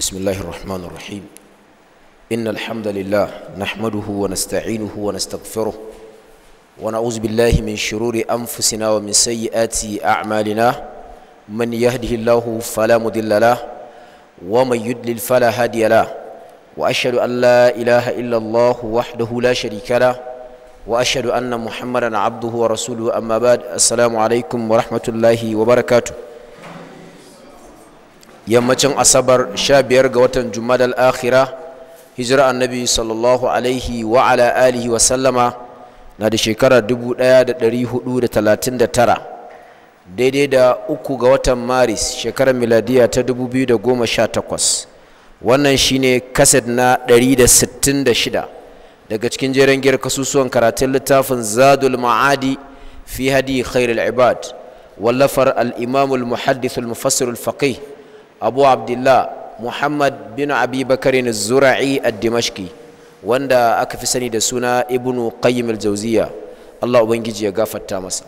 بسم الله الرحمن الرحيم إن الحمد لله نحمده ونستعينه ونستغفره ونعوذ بالله من شرور أنفسنا ومن سيئات أعمالنا من يهده الله فلا مضل له ومن يدلل فلا هادي له وأشهد أن لا إله إلا الله وحده لا شريك له وأشهد أن محمدا عبده ورسوله أما بعد السلام عليكم ورحمة الله وبركاته yammacin asabar 15 ga watan jumadal akhira hijira annabi sallallahu alaihi wa ala alihi wa sallama na da shekara 1439 daidai da uku ga watan maris shekarar miladiya ta 2018 wannan shine kaset na 166 daga cikin jeren kasusuwan karatun littafin zadul ma'adi fi hadi khairul ibad wallafar al-imamul muhaddithul mufassirul faqih abu abdullah muhammad bin abi bakarin zura'i a dimashqi wanda aka fi sani da suna ibnu qayyim al-jawziya Allah ubangiji ya gafarta masa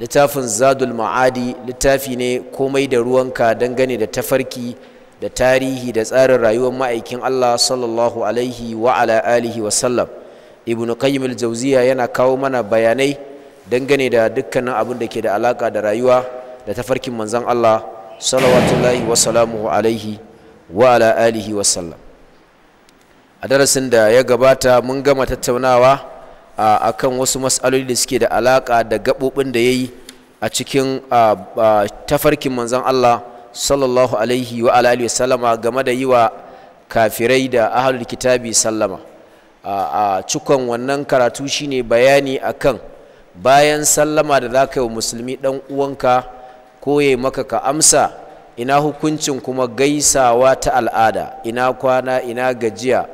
littafin zadul ma'adi littafi ne komai da ruwanka dangane da tafarki da tarihi da tsarin rayuwar ma'aikin Allah sallallahu alaihi wa ala alihi wa sallam ibnu qayyim al-jawziya yana kawo mana bayanai dangane da dukkanin abin da ke da alaka da rayuwa da tafarkin manzon Allah salawatullahi wa salamuhu alaihi wa ala alihi wa sallam a darasin da ya gabata mun gama tattaunawa a kan wasu matsaloli da suke da alaƙa da gaɓoɓin da ya yi a cikin tafarkin manzon Allah sallallahu alaihi wa ala alihi wa sallama game da yi wa kafirai da ahalul kitabi sallama a cikon wannan karatu shine bayani akan bayan sallama da za ka yi wa musulmi ɗan uwanka ko maka ka amsa ina hukuncin kuma gaisawa ta al'ada ina kwana ina gajiya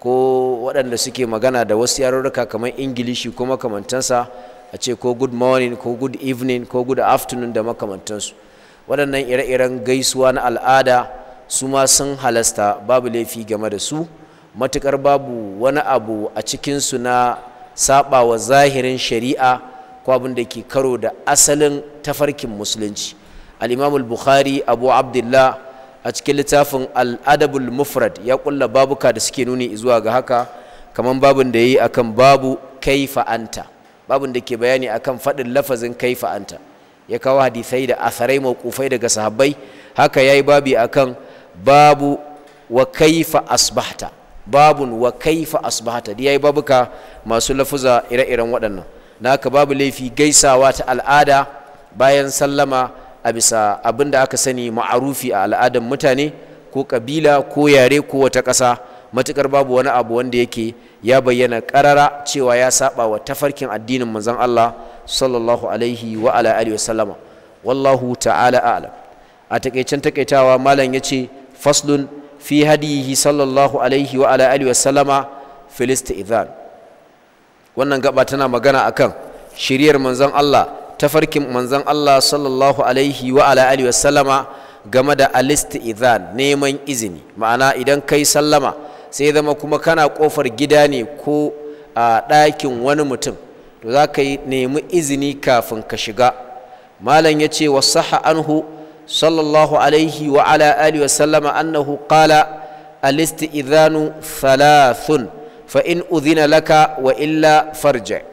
ko waɗanda suke magana da wasu yarurruka kamar ingilishi ko makamantansa a ce ko good morning ko good evening ko good afternoon da makamantansu waɗannan ire-iren gaisuwa na al'ada su ma sun halasta babu laifi game da su matuƙar babu wani abu a cikinsu na saɓawa zahirin shari'a ko abin da ke karo da asalin tafarkin musulunci al-imam al-bukhari abu abdullah a cikin littafin al-adabul mufrad ya kulla babuka da suke nuni zuwa ga haka kamar babun da yayi akan babu kaifa anta babun da ke bayani akan fadin lafazin kaifa anta ya kawo hadisai da asarai mawqufai daga sahabbai haka yayi babi akan babu wa kaifa asbahta babun wa kaifa asbahta dai yayi babuka masu lafuza ire-iren waɗannan naka babu laifi gaisawa ta al'ada bayan sallama a bisa abin da aka sani ma'arufi a al'adan mutane ko kabila ko yare ko wata ƙasa matuƙar babu wani abu wanda yake ya bayyana ƙarara cewa ya saba wa tafarkin addinin manzon Allah sallallahu alaihi wa ala alihi wasallama wallahu ta'ala a'lam a takaicen takaitawa malam yace faslun fi hadihi sallallahu alaihi wa ala alihi wasallama idan. wannan gaba tana magana a kan shiriyar manzon Allah tafarkin manzon Allah sallallahu alaihi wa ala alihi wa game da idan neman izini ma'ana idan kai sallama sai zama kuma kana kofar gida ne ko a ɗakin wani mutum to za ka nemi izini kafin ka shiga malam ya ce wa saha anhu sallallahu alaihi wa ala alihi wa sallama annahu qala idanu thalathun fa in udhina laka wa illa farja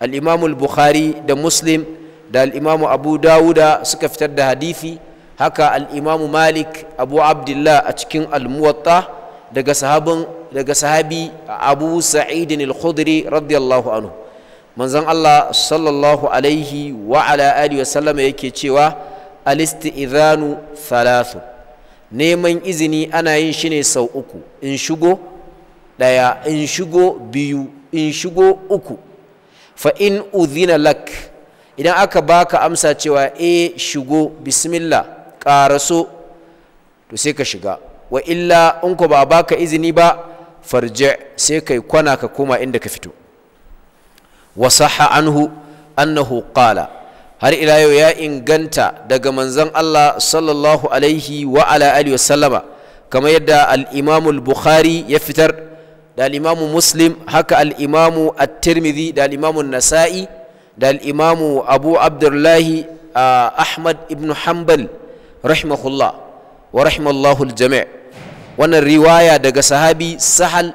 al-imam bukhari da muslim da al abu dawuda suka fitar da hadisi haka al'imamu malik abu abdullah a cikin al daga sahabin daga sahabi abu sa'id al radiyallahu anhu manzon Allah sallallahu alaihi wa ala wa sallama yake cewa al-istidhanu thalathu neman izini ana yin shi ne sau uku in shigo daya in shigo biyu in shigo uku fa in udhina lak idan aka baka amsa cewa e shigo bismillah karaso to sai ka shiga wa illa in ko ba baka izini ba farji sai kai kwana ka koma inda ka fito wa sahha anhu annahu qala har ila yau ya inganta daga manzon Allah sallallahu alaihi wa ala alihi wa sallama kamar yadda al-Imam al-Bukhari ya fitar da al'imamu muslim haka al'imamu at-tirmidhi da al'imamu nasa'i da al'imamu abu abdullahi ahmad ibn hanbal rahimahullah wa rahimallahu jami'a wannan riwaya daga sahabi sahal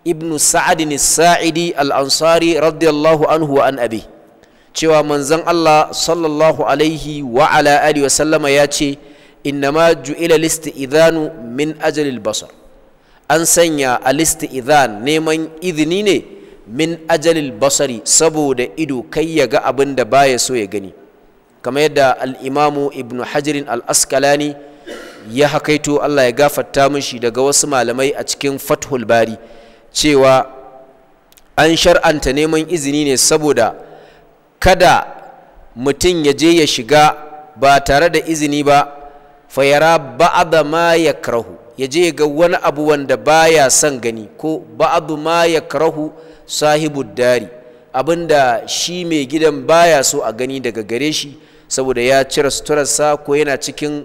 ibn sa'ad sa'idi al-ansari radiyallahu anhu wa an abi cewa manzon Allah sallallahu alaihi wa ala alihi wa sallama ya ce innama ju'ila listi idanu min ajalil basar an sanya idan neman izini ne min ajalil basari saboda ido kai ya ga abin da baya so ya gani kamar yadda al'imamu ibn hajirin al'askalani ya hakaito Allah ya gafarta mushi daga wasu malamai a cikin fathul bari cewa an shar'anta neman izini ne saboda kada mutum ya je ya shiga ba tare da izini ba fayara ba'ada ma ya karahu ya je ga wani abu wanda baya son gani ko ba'adu ma ya karahu sahibu dari abinda shi mai gidan baya so a gani daga gare shi saboda ya cire suturarsa ko yana cikin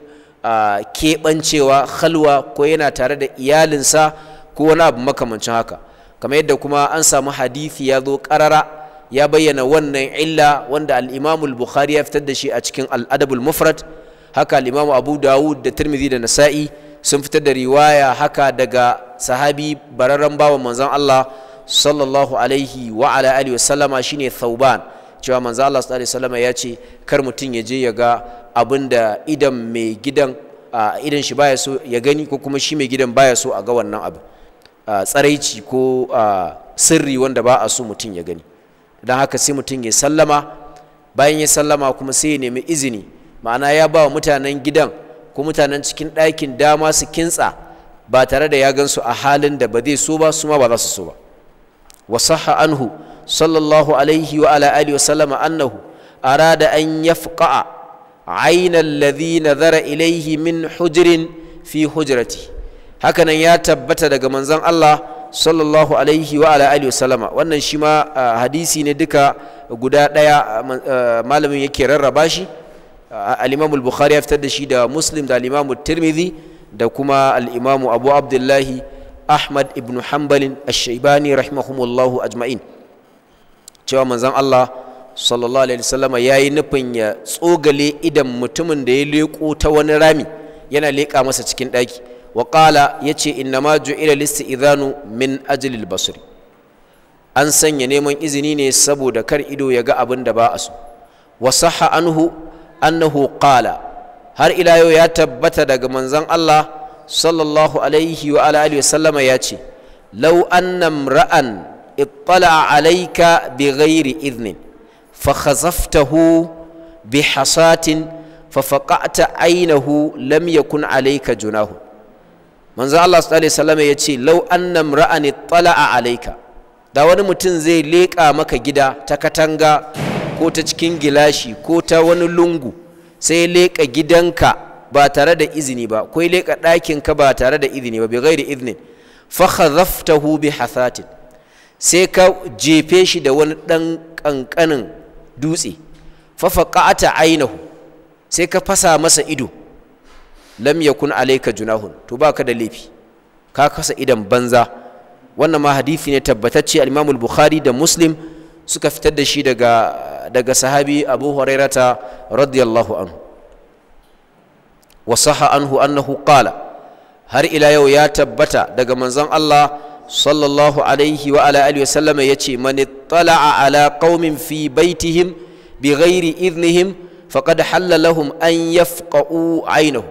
keɓancewa halwa ko yana tare da iyalinsa ko wani abu makamancin haka kamar yadda kuma an samu hadithi ya zo karara ya bayyana wannan illa wanda al'imamul bukhari ya fitar da shi a cikin al'adabul mufrad haka al'imamu abu dawud da tirmidhi da nasa'i sun fitar da riwaya haka daga sahabi bararren bawa manzon Allah sallallahu alaihi wa ala alihi wa sallama shine Thauban cewa manzon Allah sallallahu alaihi sallama ya ce kar mutum ya je ya ga abin da idan mai gidan idan shi baya so ya gani ko kuma shi mai gidan baya so a ga wannan abu tsaraici ko sirri wanda ba a so mutum ya gani don haka sai mutum ya sallama bayan ya sallama kuma sai ya nemi izini ma'ana ya ba wa mutanen gidan ko mutanen cikin ɗakin dama su kintsa ba tare da ya gansu a halin da ba zai so ba su ma ba za su so ba wa sahha anhu sallallahu alaihi wa ala alihi wa sallama annahu arada an yafqa ayna alladhi nazara ilaihi min hujrin fi hujrati hakanan ya tabbata daga manzon Allah sallallahu alaihi wa ala alihi wa sallama wannan shi ma ah, hadisi ne duka guda daya ah, ah, malamin yake rarraba shi al-imam bukhari ya fitar da shi da muslim da al-imam da kuma al abu abdullahi ahmad ibn hanbalin ash-shaybani rahimahumullahu cewa manzon Allah sallallahu alaihi wasallama yayi nufin ya tsogale idan mutumin da ya leko ta wani rami yana leka masa cikin daki wa qala yace innama ju'ila listi'dhanu min ajli al-basri an sanya neman izini ne saboda kar ido ya ga abin da ba a so wa sahha anhu annahu qala har ila yau ya tabbata daga manzon Allah sallallahu alaihi wa alihi sallama ya ce law anna imra'an ittala alayka lam yakun alayka junahu manzo Allah sallallahu alaihi ya ce da wani mutum zai leƙa maka gida ta katanga ko ta cikin gilashi ko ta wani lungu sai leƙa gidanka ba tare da izini ba ko leƙa ɗakinka ba tare da izini ba bai ghairi iznin fa bi hasatin sai ka jefe shi da wani ɗan ƙanƙanin dutse fa faqata ainahu sai ka fasa masa ido lam yakun alayka junahun to baka da laifi ka kasa idan banza wannan ma hadisi ne tabbatacce al-Imam al-Bukhari da Muslim suka fitar da shi daga daga sahabi abu hurairata radiyallahu anhu wa saha anhu annahu qala har ila yau ya tabbata daga manzon Allah sallallahu alaihi wa ala alihi wasallama yace man tala'a ala qaumin fi baitihim bi ghairi idnihim faqad halla lahum an yafqa'u aynahu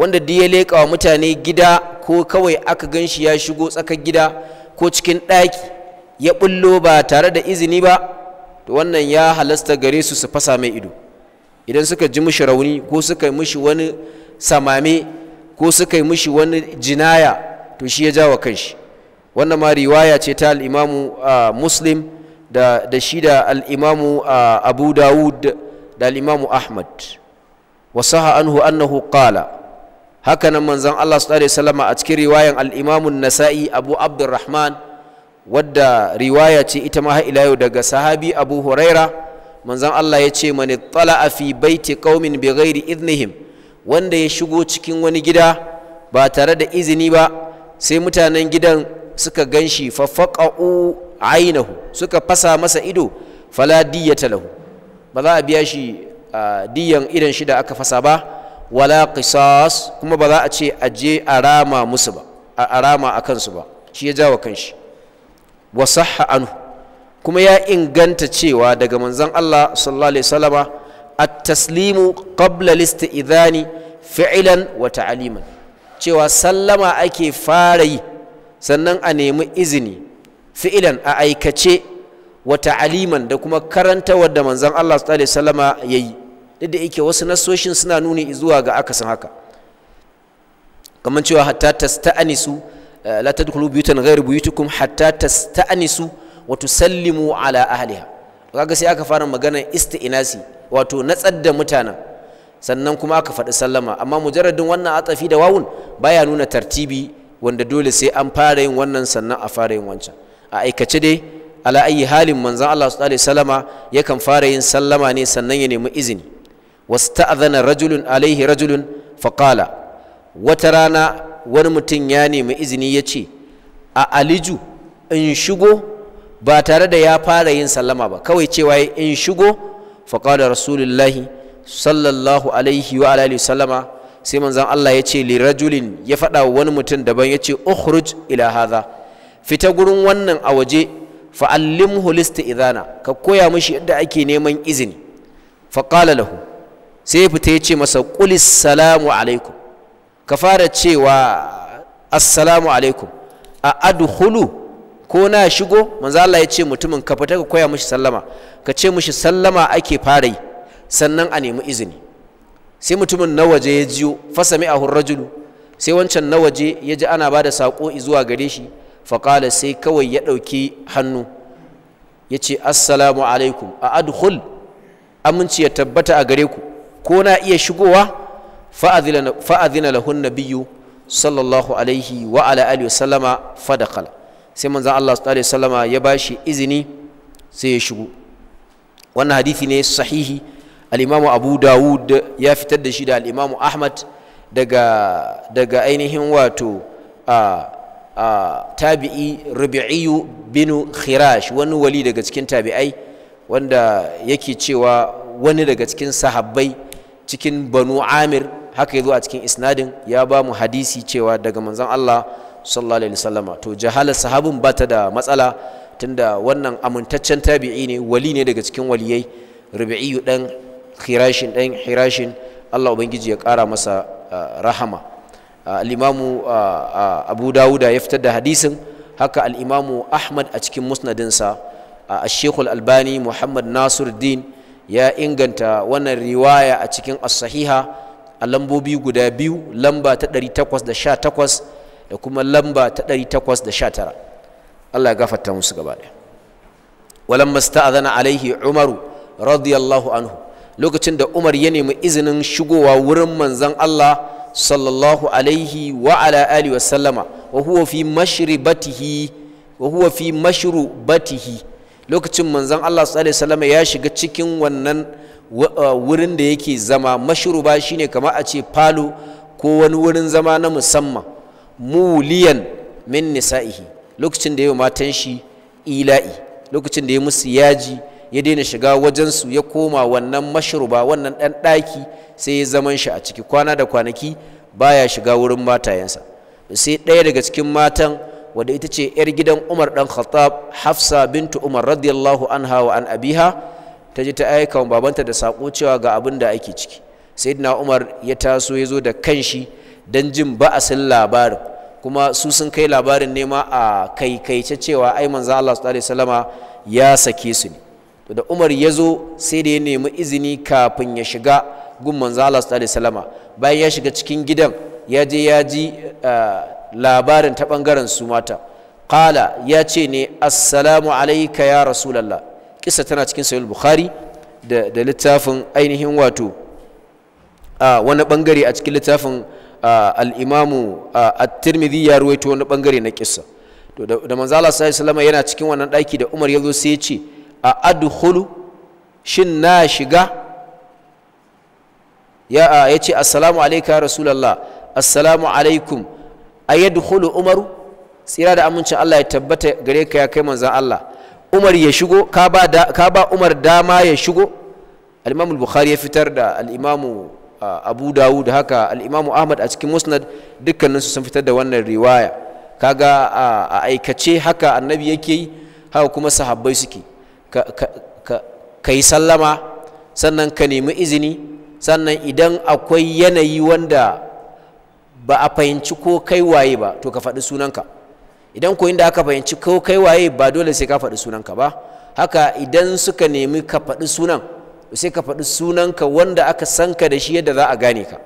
wanda da ya leka wa mutane gida ko kawai aka ganshi ya shigo tsakar gida ko cikin ɗaki ya bullo ba tare da izini ba to wannan ya halasta gare su su fasa mai ido idan suka ji mushi rauni ko suka yi mushi wani samame ko suka yi mushi wani jinaya to shi ya jawa kanshi wannan ma riwaya ce ta al'imamu muslim da, da shi da al'imamu abu dawud da al'imamu ahmad wasaha anhu annahu qala haka nan manzon allah su salama a cikin riwayan al'imamun nasa'i abu abdurrahman wadda riwaya ce ita ma ila yau daga sahabi abu huraira manzon Allah ya ce mani a fi baiti kaumin bi ghairi wanda ya shigo cikin wani gida ba tare da izini ba sai mutanen gidan suka gan shi fafaƙa'u ainihu suka fasa masa ido fala diyata lahu ba za a biya shi diyan idan shi da aka fasa ba wala qisas kuma ba za a ce a je a rama musu ba a rama a kansu ba shi ya jawo kanshi wa sahha anhu kuma ya inganta cewa daga manzon Allah sallallahu alaihi wasallama at-taslimu qabla al-istidhani fi'lan wa ta'liman cewa sallama ake fara yi sannan a nemi izini fi'ilan a aikace wa ta'liman da kuma karanta wadda manzon Allah sallallahu alaihi wasallama yayi duk da yake wasu nasoshin suna nuni zuwa ga akasin haka kamar cewa hatta tasta'anisu la tadkhulu buyutan ghayra buyutikum hatta tasta'nisu wa tusallimu ala kaga sai aka fara magana isti'nasi wato natsar da mutanen sannan kuma aka faɗi sallama amma mujarradin wannan atafi da wawun baya nuna tartibi wanda dole sai an fara yin wannan sannan a fara yin wancan a aikace dai ala ayi halin manzon Allah sallallahu alaihi wasallama yakan fara yin sallama ne sannan ya nemi izini wasta'adhana rajulun alaihi rajulun faqala wata rana wani mutum ya nemi izini ya ce a aliju in shigo ba tare da ya fara yin sallama ba kawai cewa in shigo faƙada rasulullahi sallallahu alaihi wa alaihi sallama sai manzan Allah ya ce li ya faɗa wa wani mutum daban ya ce ukhruj ila haza fita gurin wannan a waje holista izana ka koya mishi yadda ake neman izini faƙala lahu sai ya fita ya ce masa ƙulis salamu alaikum ka fara cewa assalamu alaikum a adhulu ko na shigo manzo Allah ya ce mutumin ka fita ka koya mishi sallama ka ce mishi sallama ake fara yi sannan a nemi izini sai mutumin na waje ya jiyo fasami ahur rajulu sai wancan na waje ya ji ana bada sako zuwa gare shi faqala sai kawai ya ɗauki hannu ya ce assalamu alaikum a adhul aminci ya tabbata a gare ku ko na iya shigowa fa'adhina lahun nabiyyu sallallahu alaihi wa ala alihi sallama fadakal sai manzan Allah sallallahu alaihi ya bashi izini sai ya shigo wannan hadithi ne sahihi al’imamu abu dawud ya fitar da shi da al’imamu ahmad daga ainihin wato tabi'i rubi'iyu binu khirash wani wali daga cikin tabi'ai wanda yake cewa wani daga cikin sahabbai cikin banu amir haka ya zo a cikin isnadin ya ba mu hadisi cewa daga manzon Allah sallallahu alaihi wasallama to jahala sahabin ba ta da matsala tunda wannan amintaccen tabi'i ne wali ne daga cikin waliyai rubi'iyu dan hirashin dan hirashin Allah ubangiji ya kara masa rahama al-imamu Abu Dawud ya fitar da hadisin haka al-imamu Ahmad a cikin musnadinsa a Sheikhul Albani Muhammad Nasiruddin ya inganta wannan riwaya a cikin as-sahiha a lambobi guda biyu lamba ta 818 da kuma lamba ta 819 Allah ya gafarta musu gaba ɗaya walamma sta'adhana alaihi umaru radiyallahu anhu lokacin da Umar ya nemi izinin shigowa wurin manzon Allah sallallahu alaihi wa ala alihi wa sallama wa huwa fi mashribatihi wa huwa fi mashrubatihi lokacin manzon Allah sallallahu alaihi wasallam ya shiga cikin wannan uh, wurin da yake zama mashruba shine kamar a ce falo ko wani wurin zama na musamman muliyan min nisa'ihi lokacin da ya matan shi ila'i lokacin da ya musu yaji ya daina shiga wajensu ya koma wannan mashruba wannan ɗan ɗaki sai ya zaman shi a ciki kwana da kwanaki baya shiga wurin matayensa sai ɗaya daga cikin matan wadda ita ce 'yar gidan umar dan khattab hafsa bintu umar radiyallahu anha wa an abiha ta je ta aika babanta da saƙo cewa ga abin da ake ciki sayyidina umar ya taso ya zo da kanshi dan jin ba'asin labarin kuma su sun kai labarin nema a kaikaice cewa ai manzo Allah sallallahu alaihi wasallama ya sake su ne to da Umar ya zo sai da ya nemi izini kafin ya shiga gun manzo Allah sallallahu alaihi wasallama bayan ya shiga cikin gidan ya je ya ji eh, labarin ta ɓangaren su mata qala ya ce ne assalamu alaika ya rasulallah kisa tana cikin sahih bukhari da, littafin ainihin wato a wani bangare a cikin littafin al'imamu a at-tirmidhi ya ruwaito wani bangare na Kisa to da Manzala Allah sallallahu yana cikin wannan daki da Umar ya yazo sai ya ce a adkhulu shin na shiga ya ce assalamu alayka ya rasulullah assalamu alaikum a ayyadkhulu umaru tsira da amincin Allah ya tabbata gare ka ya kai manzan Allah Umar ya shigo ka ba Umar dama ya shigo al'imamu ya fitar da al'imamu Abu Dawud haka al'imamu Ahmad a cikin Musnad dukkanin su sun fitar da wannan riwaya kaga a aikace haka annabi yake yi haka kuma sahabbai suke ka yi sallama sannan ka nemi izini sannan idan akwai yanayi wanda ba a fahimci ko kai waye ba to ka faɗi sunanka idan ko inda aka fahimci ko kai waye ba dole sai ka faɗi sunanka ba haka idan suka nemi ka faɗi sunan sai ka faɗi sunanka wanda aka sanka ka da shi yadda za a gane ka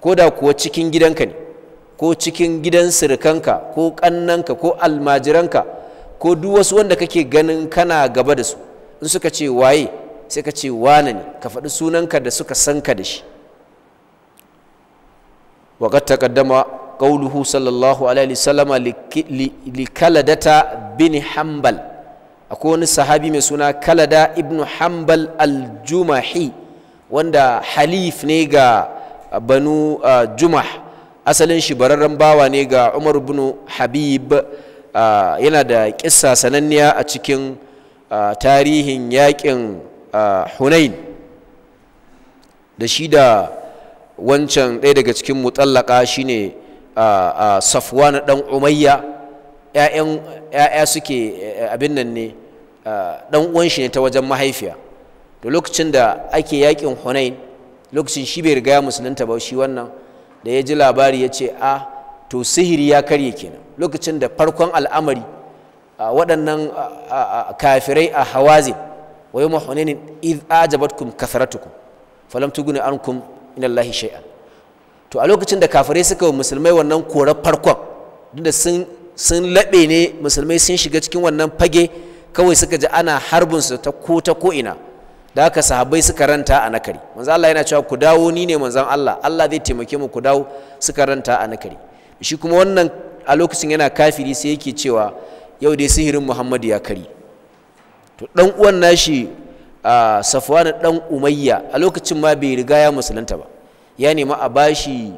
ko da kuwa cikin gidanka ne ko cikin gidan sirikanka ko ƙannanka ko almajiranka ko duk wasu wanda kake ganin kana gaba da su in suka ce waye sai ka ce wane ne ka faɗi sunanka da suka sanka ka da shi وقد تقدم قوله صلى الله عليه وسلم لكلدة بن حنبل أكون صحابي مسونا كلدة ابن حنبل الجمحي وندا حليف نيغا بنو جمح asalin shi bararren bawa ne ga umar bin habib yana da kissa sananniya a cikin tarihin yakin hunain da shi da wancan ɗaya daga cikin mutallaka shine safuwa na ɗan umayya ‘ya'ya suke eh, abin nan ne ɗan uwan shi ne ta wajen mahaifiya da lokacin da ake yakin hunain lokacin shi bai riga ya musulunta ba shi wannan da ya ji labari ya ce a to sihiri ya karye kenan lokacin da farkon al'amari waɗannan kafirai a hawazin wa yi mahunainin iz ajabatkum kasaratukum falam tuguni ankum minallahi shay'an to a lokacin da kafirai suka wa musulmai wannan kore farkon da sun sun laɓe ne musulmai sun shiga cikin wannan fage kawai suka ji ana harbin su ta ko ta ko ina da haka sahabai suka ranta a nakari manzo Allah yana cewa ku dawo ni ne manzon Allah Allah zai taimake mu ku dawo suka ranta a nakari shi kuma wannan a lokacin yana kafiri sai yake cewa yau dai sihirin Muhammadu ya kari to dan uwan nashi safwana dan umayya a lokacin ma bai riga ya musulunta ba ya nema a bashi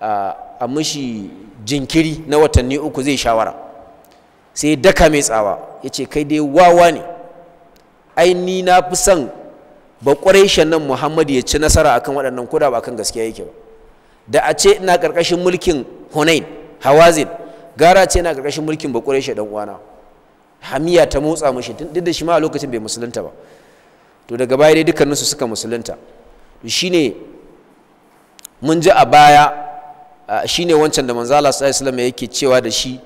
a mushi jinkiri na watanni uku zai shawara sai daka mai tsawa ya ce kai dai wawa ne ai ni na fi son bakwarai nan muhammadu ya ci nasara akan waɗannan kuda ba kan gaskiya yake ba da a ce ina ƙarƙashin mulkin hunain hawazin gara ce ina ƙarƙashin mulkin bakwarai dan uwana hamiya ta motsa mashi duk da shi ma a lokacin bai musulunta ba to daga baya dai dukkaninsu suka musulunta shine mun ji a baya shine wancan da manzala Allah sallallahu alaihi yake cewa da shi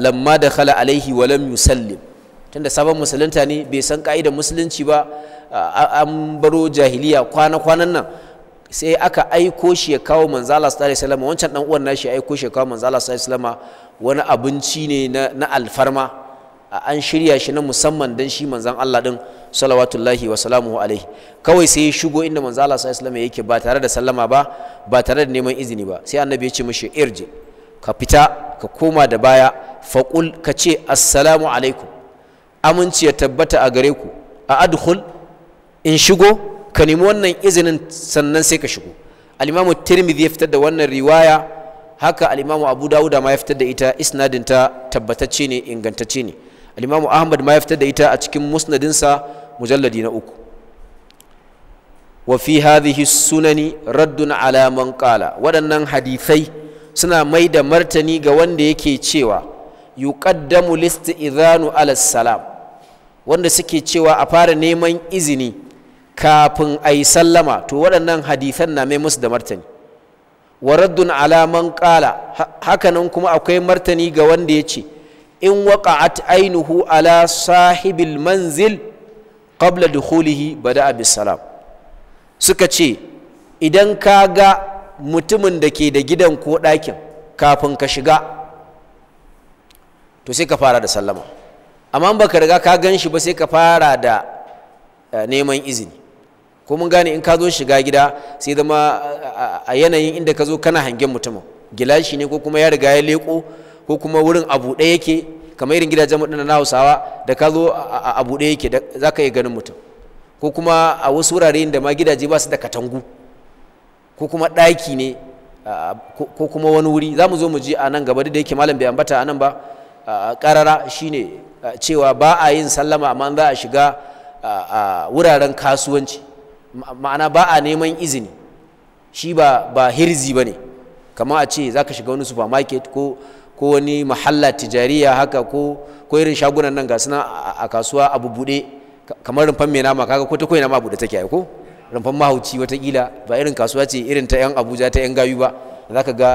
lamma da khala alaihi wa lam yusallim tunda sabon musulunta ne bai san ka'idar musulunci ba an baro jahiliya kwana kwanan nan sai aka aiko shi ya kawo manzala sallallahu alaihi wancan dan uwan nashi ya aiko shi ya kawo manzala sallallahu alaihi wani abinci ne na alfarma an shirya shi na musamman don shi manzan Allah ɗin salawatullahi wa salamuhu alaihi kawai sai ya shigo inda manzan Allah sai alaihi yake ba tare da sallama ba ba tare da neman izini ba sai annabi ya ce mishi irji ka fita ka koma da baya faƙul ka ce assalamu alaikum aminci ya tabbata a gare ku a adhul in shigo ka nemi wannan izinin sannan sai ka shigo alimamu tirmidhi ya fitar da wannan riwaya haka al-imamu abu dawuda ma ya fitar da ita isnadin ta tabbatacce ne ingantacce ne al-imamu ahmad ma ya fitar da ita a cikin musnadinsa mujalladi na uku wa fi hadhihi sunani raddun alaman man waɗannan hadisai suna mai da martani ga wanda yake cewa yuqaddamu listi'zanu ala salam wanda suke cewa a fara neman izini kafin ayi sallama to waɗannan hadisan na mai musu da martani wa raddun ala man hakanan kuma akwai martani ga wanda ya ce in waqa'at ainuhu ala sahibil manzil qabla dukhulihi bada abisalam suka ce idan ka ga mutumin da ke da gidan ko ɗakin kafin ka shiga to sai ka fara da sallama amma ba ka riga ka gan shi ba sai ka fara da eh, neman izini ko mun gane in ka zo shiga gida sai zama eh, a yanayin inda ka zo kana hangen mutumin gilashi ne ko kuma ya riga ya leko ko kuma wurin abu ɗaya yake kamar irin gidajen mu na Hausawa da ka zo a buɗe yake za ka iya ganin mutum ko kuma a wasu wurare da ma gidaje ba su da katangu ko kuma ɗaki ne ko kuma wani wuri za mu zo mu ji a nan gaba da yake malam bai ambata a nan ba ƙarara shine cewa ba a yin sallama amma za a shiga wuraren kasuwanci ma'ana ba a neman izini shi ba hirzi ba ne kamar a ce za ka shiga wani supermarket ko ko wani mahalla tijariya haka ko ko irin shagunan nan ga suna a kasuwa abu bude kamar rumfan mai nama kaga ko ta koyi nama bude take ko rumfan mahauci watakila ba irin kasuwa ce irin ta yan abuja ta yan gayu ba zaka ga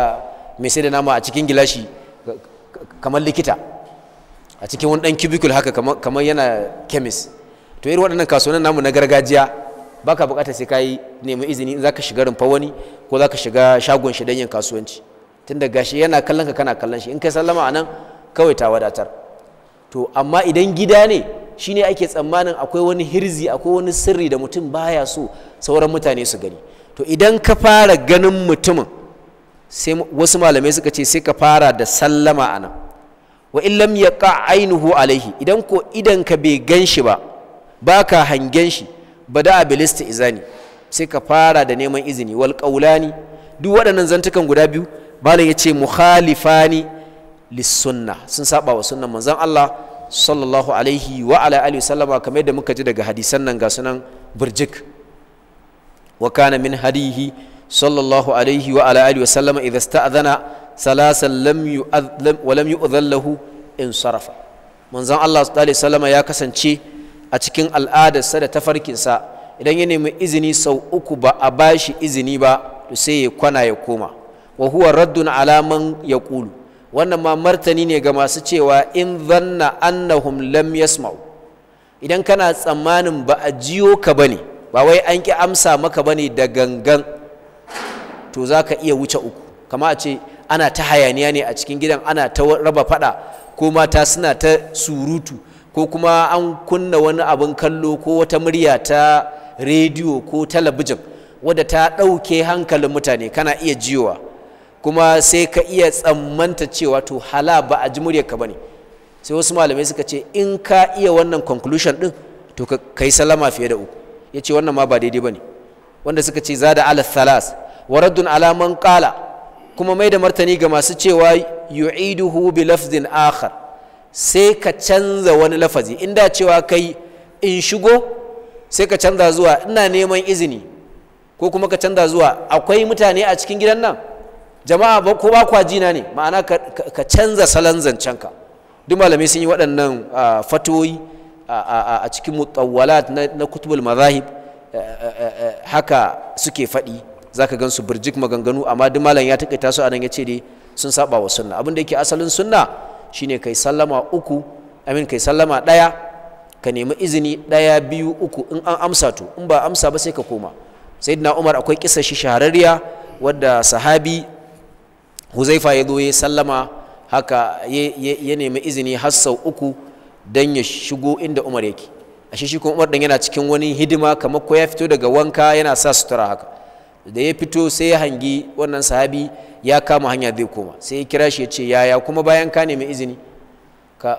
mai sai da nama a cikin gilashi kamar likita a cikin wani dan cubicle haka kamar yana chemist to irin waɗannan kasuwannin namu na gargajiya baka bukata sai ka yi nemi izini in zaka shiga rumfa wani ko zaka shiga shagon shi dan yin kasuwanci tunda gashi yana kallon ka kana kallon shi in kai sallama anan kawai ta wadatar to amma idan gida ne shine ake tsammanin akwai wani hirzi akwai wani sirri da mutum baya so sauran mutane su gani to idan ka fara ganin mutumin sai wasu malamai suka ce sai ka fara da sallama anan wa in lam yaqa ainuhu alaihi idan ko idan ka bai gan shi ba baka hangen shi bada bilista izani sai ka fara da neman izini wal qaulani duk waɗannan zantukan guda biyu malam ya ce mukhalifani lissunna sun saba wa sunnan manzon Allah sallallahu alaihi wa ala alihi sallama kamar yadda muka ji daga hadisan nan ga sunan burjik wa kana min hadihi sallallahu alaihi wa ala alihi sallama idza sta'dhana salasan lam yu'adhlam wa lam yu'dhal in sarafa manzon Allah sallallahu alaihi sallama ya kasance a cikin al'adarsa da tafarkinsa idan ya nemi izini sau uku ba a bashi izini ba to sai ya kwana ya koma wa huwa raddun alaman ya ƙulu wannan ma martani ne ga masu cewa in zanna annahum lam yasma'u idan kana tsammanin ba a jiyo ka bane ba wai an ki amsa maka bane da gangan to za ka iya wuce uku kama a ce ana ta hayaniya ne a cikin gidan ana ta raba fada ko mata suna ta surutu ko kuma an kunna wani abin kallo ko wata murya ta rediyo ko talabijin wadda ta ɗauke hankalin mutane kana iya jiyowa kuma sai ka iya tsammanta cewa to hala ba a ji muryarka ba ne sai wasu malamai suka ce in ka iya wannan conclusion din to ka yi salama fiye da uku ya ce wannan ma ba daidai ba ne wanda suka ce zada ala thalas wa raddun ala man qala kuma mai da martani ga masu cewa yu'iduhu bi lafzin akhar sai ka canza wani lafazi in da cewa kai in shigo sai ka canza zuwa ina neman izini ko kuma ka canza zuwa akwai mutane a cikin gidan nan jama'a ba ko ba jina ne ma'ana ka canza salon zancen ka duk malamai sun yi waɗannan fatoyi a cikin mutawwalat na kutubul mazahib haka suke faɗi zaka gan su birjik maganganu amma duk malam ya taƙaita su anan ya ce dai sun saba wa sunna abin da yake asalin sunna shine kai sallama uku amin kai sallama ɗaya ka nemi izini ɗaya biyu uku in an amsa to in ba amsa ba sai ka koma sayyidina umar akwai kisa shi shahararriya wadda sahabi huzaifa ya zo ya sallama haka ya nemi izini har sau uku don ya shigo inda umar yake a shi kuma umar dan yana cikin wani hidima kamar ko ya fito daga wanka yana sa sutura haka da ya fito sai ya hangi wannan sahabi ya kama hanya zai koma sai ya kira shi ya ce yaya kuma bayan ka nemi izini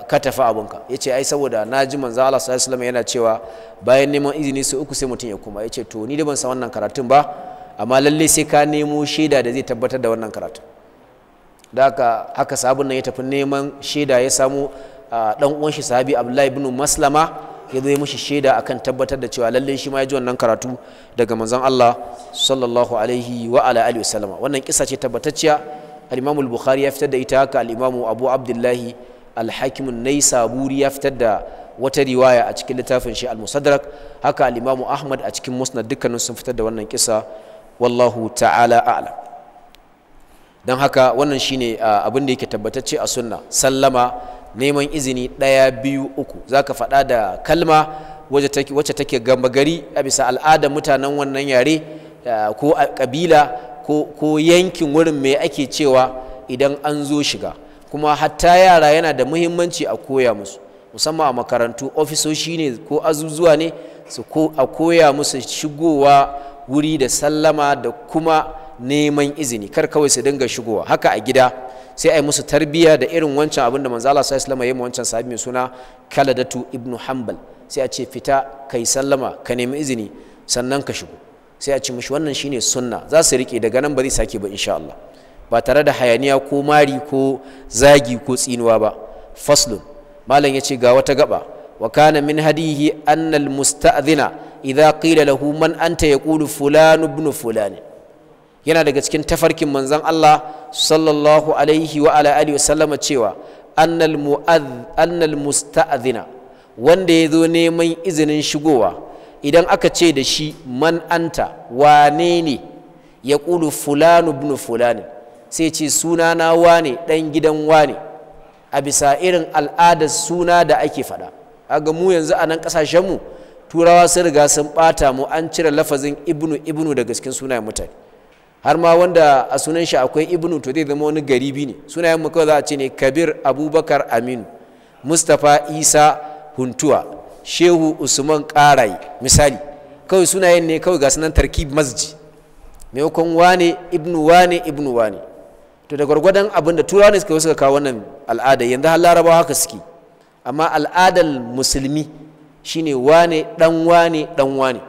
ka tafi abinka ya ce ai saboda na ji manzo Allah sallallahu alaihi yana cewa bayan neman izini sai uku sai mutum ya koma ya ce to ni da ban san wannan karatun ba amma lalle sai ka nemo shaida da zai tabbatar da wannan karatun da haka haka nan ya tafi neman shaida ya samu dan uwan shi sahabi Abdullahi ibn Maslama ya zo mishi shaida akan tabbatar da cewa lalle shi ma ya ji wannan karatu daga manzon Allah sallallahu alaihi wa ala alihi wasallama wannan kisa ce tabbatacciya al-Imam al-Bukhari ya fitar da ita haka al-Imam Abu Abdullahi al-Hakim an-Naisaburi ya fitar da wata riwaya a cikin littafin shi al-Musaddarak haka al-Imam Ahmad a cikin Musnad dukkanin sun fitar da wannan kisa wallahu ta'ala a'lam don haka wannan shine abin da yake tabbatacce a sunna sallama neman izini ɗaya biyu uku za ka faɗa da kalma wacce take gamba gari a bisa al'ada mutanen wannan yare ko a ƙabila ko yankin wurin mai ake cewa idan an zo shiga kuma hatta yara yana da muhimmanci a koya musu musamman a makarantu ofisoshi ne ko azuzuwa ne su a koya musu shigowa wuri da sallama da kuma neman izini kar kawai su dinga shigowa haka a gida sai a yi musu tarbiyya da irin wancan abin da manzo Allah sallallahu alaihi wasallam ya wancan sahabi mai suna Kaladatu ibnu Hanbal sai a ce fita kai sallama ka nemi izini sannan ka shigo sai a ce mishi wannan shine sunna za su rike daga nan ba zai sake ba insha Allah ba tare da hayaniya ko mari ko zagi ko tsinuwa ba faslun malam yace ga wata gaba wa kana min hadihi annal musta'dhina idza qila lahu man anta yaqulu fulan ibn fulani yana daga cikin tafarkin manzon Allah sallallahu alaihi wa ala alihi wasallama cewa annal mu'adh wanda ya zo neman izinin shigowa idan aka ce da shi man anta wane ne ya kulu fulanu ibn fulani sai ce suna na wane dan gidan wane a bisa irin al'adar suna da ake faɗa ga mu yanzu a nan mu turawa sun riga sun bata mu an cire lafazin ibnu ibnu daga cikin sunayen mutane har ma wanda a sunan shi akwai ibnu to zai zama wani garibi ne suna mu kawai za a ce ne kabir abubakar aminu mustapha isa huntuwa shehu usman karai misali kawai suna yin ne kawai ga sunan tarkib masji maimakon wane ibnu wane ibnu wane to da gwargwadon abin da turawa ne suka suka kawo wannan al'ada yanzu har larabawa haka suke amma al'adar musulmi shine wane dan wane dan wane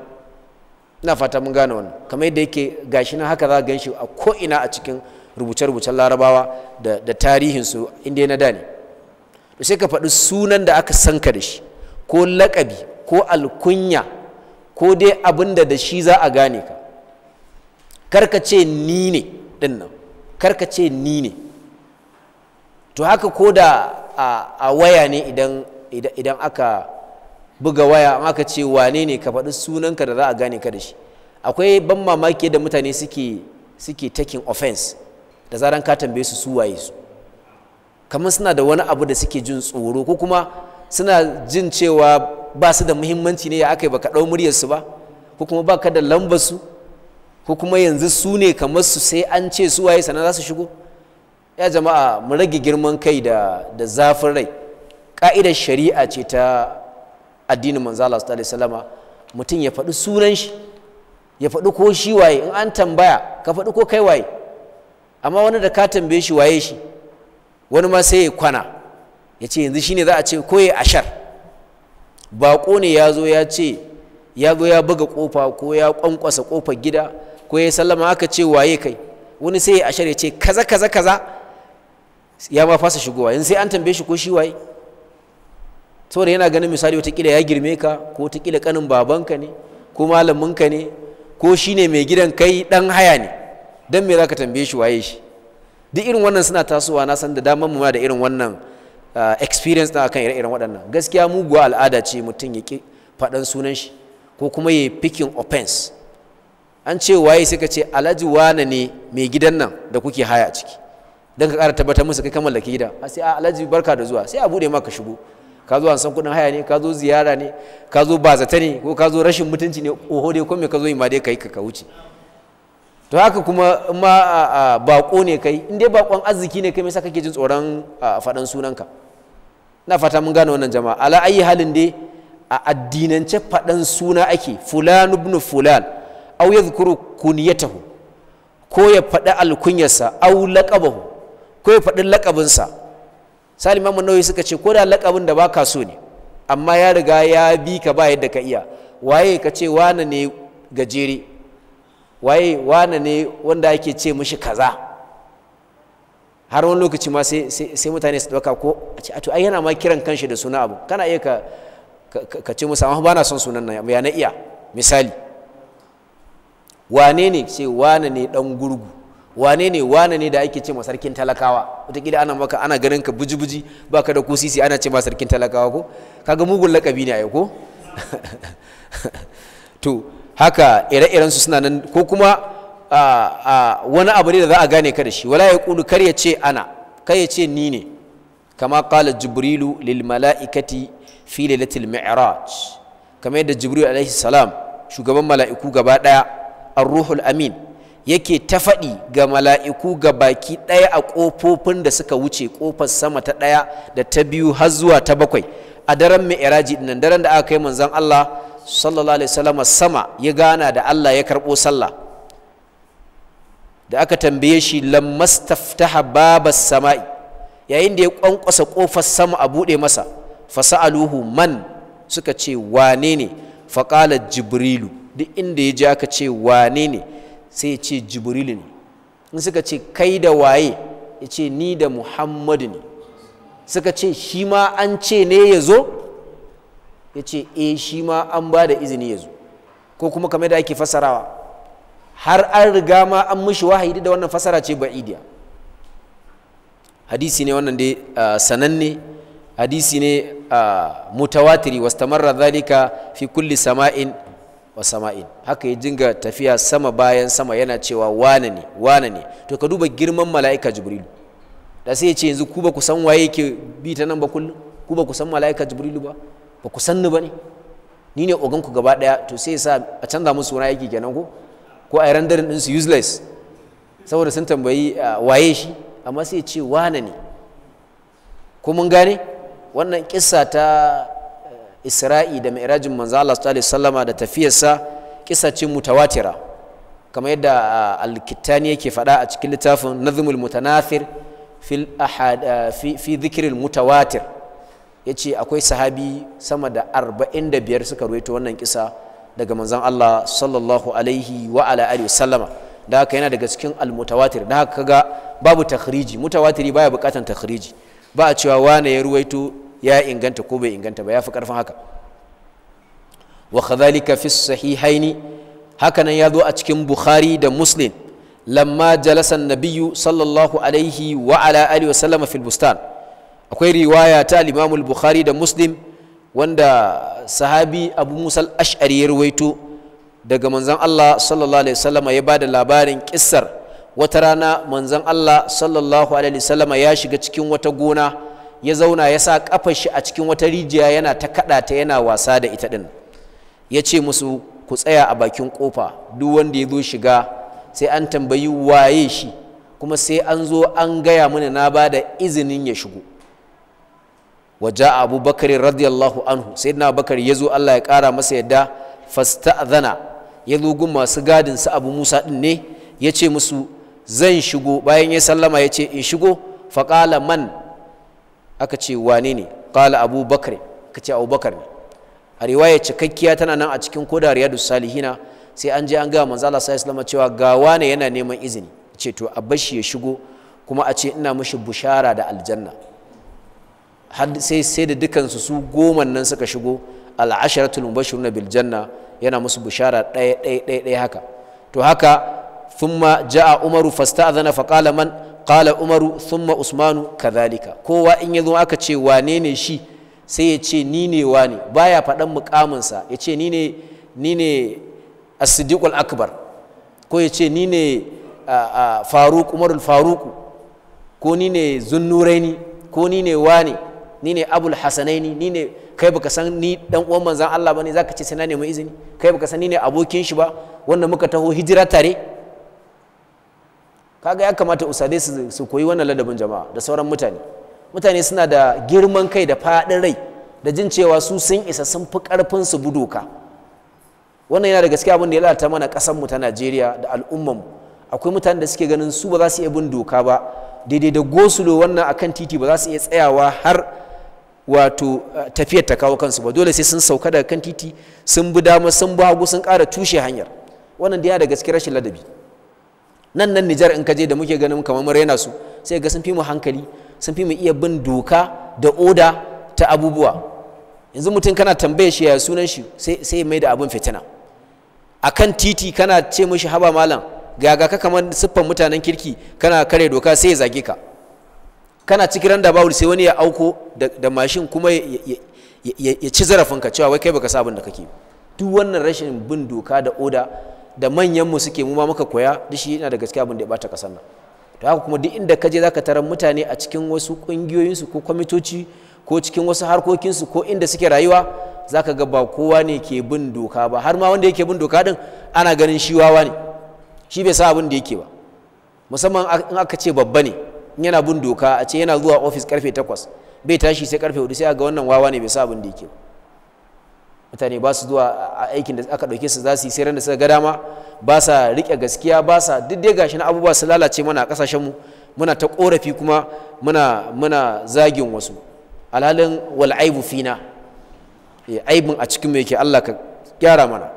ina fata mun gane wannan kamar yadda yake gashi nan haka za gan shi a ko ina a cikin rubuce-rubucen larabawa da, da tarihinsu inda na da ne to sai ka faɗi sunan da aka san ka da shi ko lakabi ko alkunya ko dai abin da da shi za a gane ka karka ce ni ne ɗin nan karka ce ni ne to haka ko da a, waya ne idan, idan aka buga waya an aka ce wane ne ka faɗi sunanka da za a gane ka da shi akwai ban mamaki da mutane suke suke taking offense da zaran ka tambaye su suwaye waye su kamar suna da wani abu da suke jin tsoro ko kuma suna jin cewa ba su da muhimmanci ne ya aka yi ka ɗau muryarsu ba ko kuma ba ka da lamba su ko kuma yanzu su ne kamar su sai an ce suwaye waye sannan za su shigo ya jama'a mu rage girman kai da da zafin rai ƙa'idar shari'a ce ta addinin manzo Allah sallallahu alaihi wasallama mutum ya faɗi sunan shi ya faɗi ko shi waye in an tambaya ka faɗi ko kai waye amma wani da ka tambaye shi waye shi wani ma sai ya kwana ya ce yanzu shine za a ce ko ya ashar baƙo ne ya zo ya ce ya zo ya buga ƙofa ko ya ƙwanƙwasa ƙofar gida ko ya sallama aka ce waye kai wani sai ya ashar ya ce kaza kaza kaza ya ma fasa shigowa yanzu sai an tambaye shi ko shi waye saboda yana ganin misali watakila ya girme ka ko watakila kanin babanka ne ko malaminka ne ko shi ne mai gidan kai dan haya ne don me za ka tambaye shi waye shi duk irin wannan suna tasowa na san da daman mu da irin wannan ah, experience na akan ire-iren waɗannan gaskiya muguwa al'ada ce mutum ya ki faɗan sunan shi ko kuma ya picking offense an ce waye sai ka ce alhaji wane ne mai gidan nan da kuke haya ciki don ka ƙara tabbatar musu kai ka mallaki gida a sai alhaji barka da zuwa sai a buɗe maka shigo ka zo san kuɗin haya ne ka zo ziyara ne ka zo ba zata ne ko ka zo rashin mutunci ne oho dai ko me ka zo yi ma dai kai ka wuce to haka kuma ma bako ne kai in dai bakon arziki ne kai me yasa kake jin tsoron faɗan sunanka na fata mun gane wannan jama'a ala ayi halin dai a addinance faɗan suna ake fulan ibn fulan aw yadhkuru kunyatahu ko ya faɗi alkunyarsa au laqabahu ko ya faɗi laqabinsa salim imamu nauyi suka ce ko da lakabin da baka so ne amma ya riga ya bi ka ba yadda ka iya waye ka ce wane ne gajere waye wane ne wanda ake ce mishi kaza har wani lokaci ma sai mutane su ɗauka ko a ce ai yana ma kiran kanshi da suna abu kana iya ka ka ce musa amma ba na son sunan nan ya na iya misali wane ne ce wane ne dan gurgu wane ne wane ne da ake ce sarkin talakawa wataƙila ana maka ana ganin ka buji-buji ba ka da kusisi ana ce ma sarkin talakawa ko kaga mugun lakabi ne a ko to haka ire-iren su suna nan ko kuma wani abu ne da za a gane ka da shi wala ya kunu kar ya ce ana kar ya ce ni ne kama qala jibrilu lil mala'ikati fi lailatul mi'raj kamar yadda jibril alaihi salam shugaban mala'iku gaba daya ar-ruhul amin yake ta faɗi ga mala'iku ga baki ɗaya a ƙofofin da suka wuce ƙofar sama ta ɗaya da ta biyu har zuwa ta bakwai a daren iraji nan daren da aka kai manzan Allah sallallahu alaihi wasallam sama ya gana da Allah ya karɓo sallah da aka tambaye shi lammastaftaha babas sama'i yayin da ya ƙwanƙwasa ƙofar sama a buɗe masa fasa'aluhu man suka ce wane ne faƙala jibrilu duk inda ya ji aka ce wane ne sai ya ce jibrilu ne in suka ce kai da waye ya ce ni da muhammadu ne suka ce shi ma an ce ne ya zo ya ce e shi ma an ba da izini ya zo ko kuma kamar da ake fasarawa har an riga ma an mushi wahayi da wannan fasara ce ba idiya hadisi ne wannan dai sananne hadisi ne mutawatiri wastamarra zalika fi kulli sama'in wa sama'in haka ya dinga tafiya sama bayan sama yana cewa wane ne wane ne to ka duba girman mala'ika jibrilu da sai ya ce yanzu ku ba ku san waye yake bi ta nan ba kullum ku ba ku san mala'ika jibrilu ba ba ku san ni ba ne ni ne ogan ku gaba daya to sai ya sa a canza musu suna yake kenan ko ko a rendering din su useless saboda sun tambayi ah, waye shi amma sai ya ce wane ne ko mun gane wannan kissa ta isra'i da mi'rajin manzo Allah sallallahu alaihi da tafiyarsa kisacin ce mutawatira kamar yadda ah, alkitani yake faɗa a cikin littafin nazmul mutanathir fil ahad ah, fi dhikril mutawatir yace akwai sahabi sama da 45 suka ruwaito wannan kisa daga manzon Allah sallallahu alaihi wa ala alihi da haka yana daga cikin almutawatir mutawatir da haka kaga babu takhriji mutawatiri baya bukatan takhriji ba a cewa wane ya ruwaito ya inganta ko bai inganta ba ya fi karfin haka wa kadhalika fi sahihaini hakanan ya zo a cikin bukhari da muslim lamma jalasa nabiyyu sallallahu alaihi wa ala alihi wa sallama fil bustan akwai riwaya ta al-imam al-bukhari da muslim wanda sahabi abu musal ash'ari ya ruwaito daga manzan Allah sallallahu alaihi wasallama ya bada labarin kissar wata rana manzan Allah sallallahu alaihi wasallama ya shiga cikin wata gona ya zauna ya sa kafar shi a cikin wata rijiya yana ta kada ta yana wasa da ita din ya ce musu ku tsaya a bakin kofa duk wanda ya zo shiga sai an tambayi waye shi kuma sai an zo an gaya mana na ba da izinin ya shigo waja abu bakari radiyallahu anhu sai na bakar ya zo allah ya kara masa yadda fasta'zana ya zo gun masu gadin su abu musa din ne ya ce musu zan shigo bayan ya sallama ya ce in shigo faƙala man aka ce wane ne qala abu bakr ka ce abu bakar ne a riwaya cikakkiya tana nan a cikin koda riyadu salihina sai an je an ga manzo Allah sallallahu cewa ga wane yana neman izini ce to a bashi ya shigo kuma a ce ina mishi bushara da aljanna har sai sai da dukansu su goma nan suka shigo al'asharatul mubashiruna bil janna yana musu bushara ɗaya ɗaya ɗaya haka to haka thumma ja'a umaru fasta'adhana faqala man qala umaru summa usmanu kadhalika kowa in yazo aka ce wane ne shi sai ya ce ni ne wane baya faɗan mukaminsa ya ce ni ne ni ne as akbar ko ya ce ni ne faruk ko ni ne zunnuraini ko ni ne wane ni ne abul hasanaini ni ne kai baka san ni dan uwan manzan Allah bane zaka ce sai na nemi izini kai baka san ni ne abokin shi ba wanda muka taho hijira tare kaga ya kamata usadai su su koyi wannan ladabin jama'a da sauran mutane mutane suna da girman kai da faɗin rai da jin cewa su sun isa sun fi ƙarfin su budoka wannan yana da gaske abin da ya lalata mana ƙasar mu ta Najeriya da al'ummar mu akwai mutane da suke ganin su ba za su iya bin doka ba daidai da gosulo wannan akan titi ba za su iya tsayawa har wato eh, tafiyar ta kawo kansu ba dole sai sun sauka daga kan titi sun bi dama sun bi hagu sun kara tushe hanyar wannan da yana da gaske rashin ladabi nan nan Nijar in ka je da muke ganin kamar raina su sai ga sun fi mu hankali sun fi mu iya bin doka da oda ta abubuwa yanzu mutum kana tambaye shi ya sunan shi sai mai da abun fitina akan titi kana ce mishi haba malam ga ka kamar siffan mutanen kirki kana kare doka sai ya zage ka kana cikin randa bawul sai wani ya auko da mashin kuma ya ci zarafinka cewa wai kai baka sa da kake duk wannan rashin bin doka da oda da manyan mu suke mu ma muka koya duk shi yana da gaskiya abin da ya bata kasar nan to haka kuma duk inda ka je zaka tarar mutane a cikin wasu su ko kwamitoci ko cikin wasu harkokinsu ko inda suke rayuwa zaka ga ba kowa ne ke bin doka ba har ma wanda yake bin doka din ana ganin shi wawa ne shi bai sa abin da yake ba musamman in aka ce babba ne in yana bin doka a ce yana zuwa ofis karfe 8 bai tashi sai karfe 4 sai ga wannan wawa ne bai sa abin da yake ba mutane ba su zuwa aikin da aka ɗauke su za su yi sai ran da suka ga dama ba sa riƙe gaskiya ba sa duk dai gashi na abubuwa su lalace mana a ƙasashenmu muna ta ƙorafi kuma muna muna zagin wasu alhalin wal aibu fina eh, aibin a cikin mu yake Allah ka gyara mana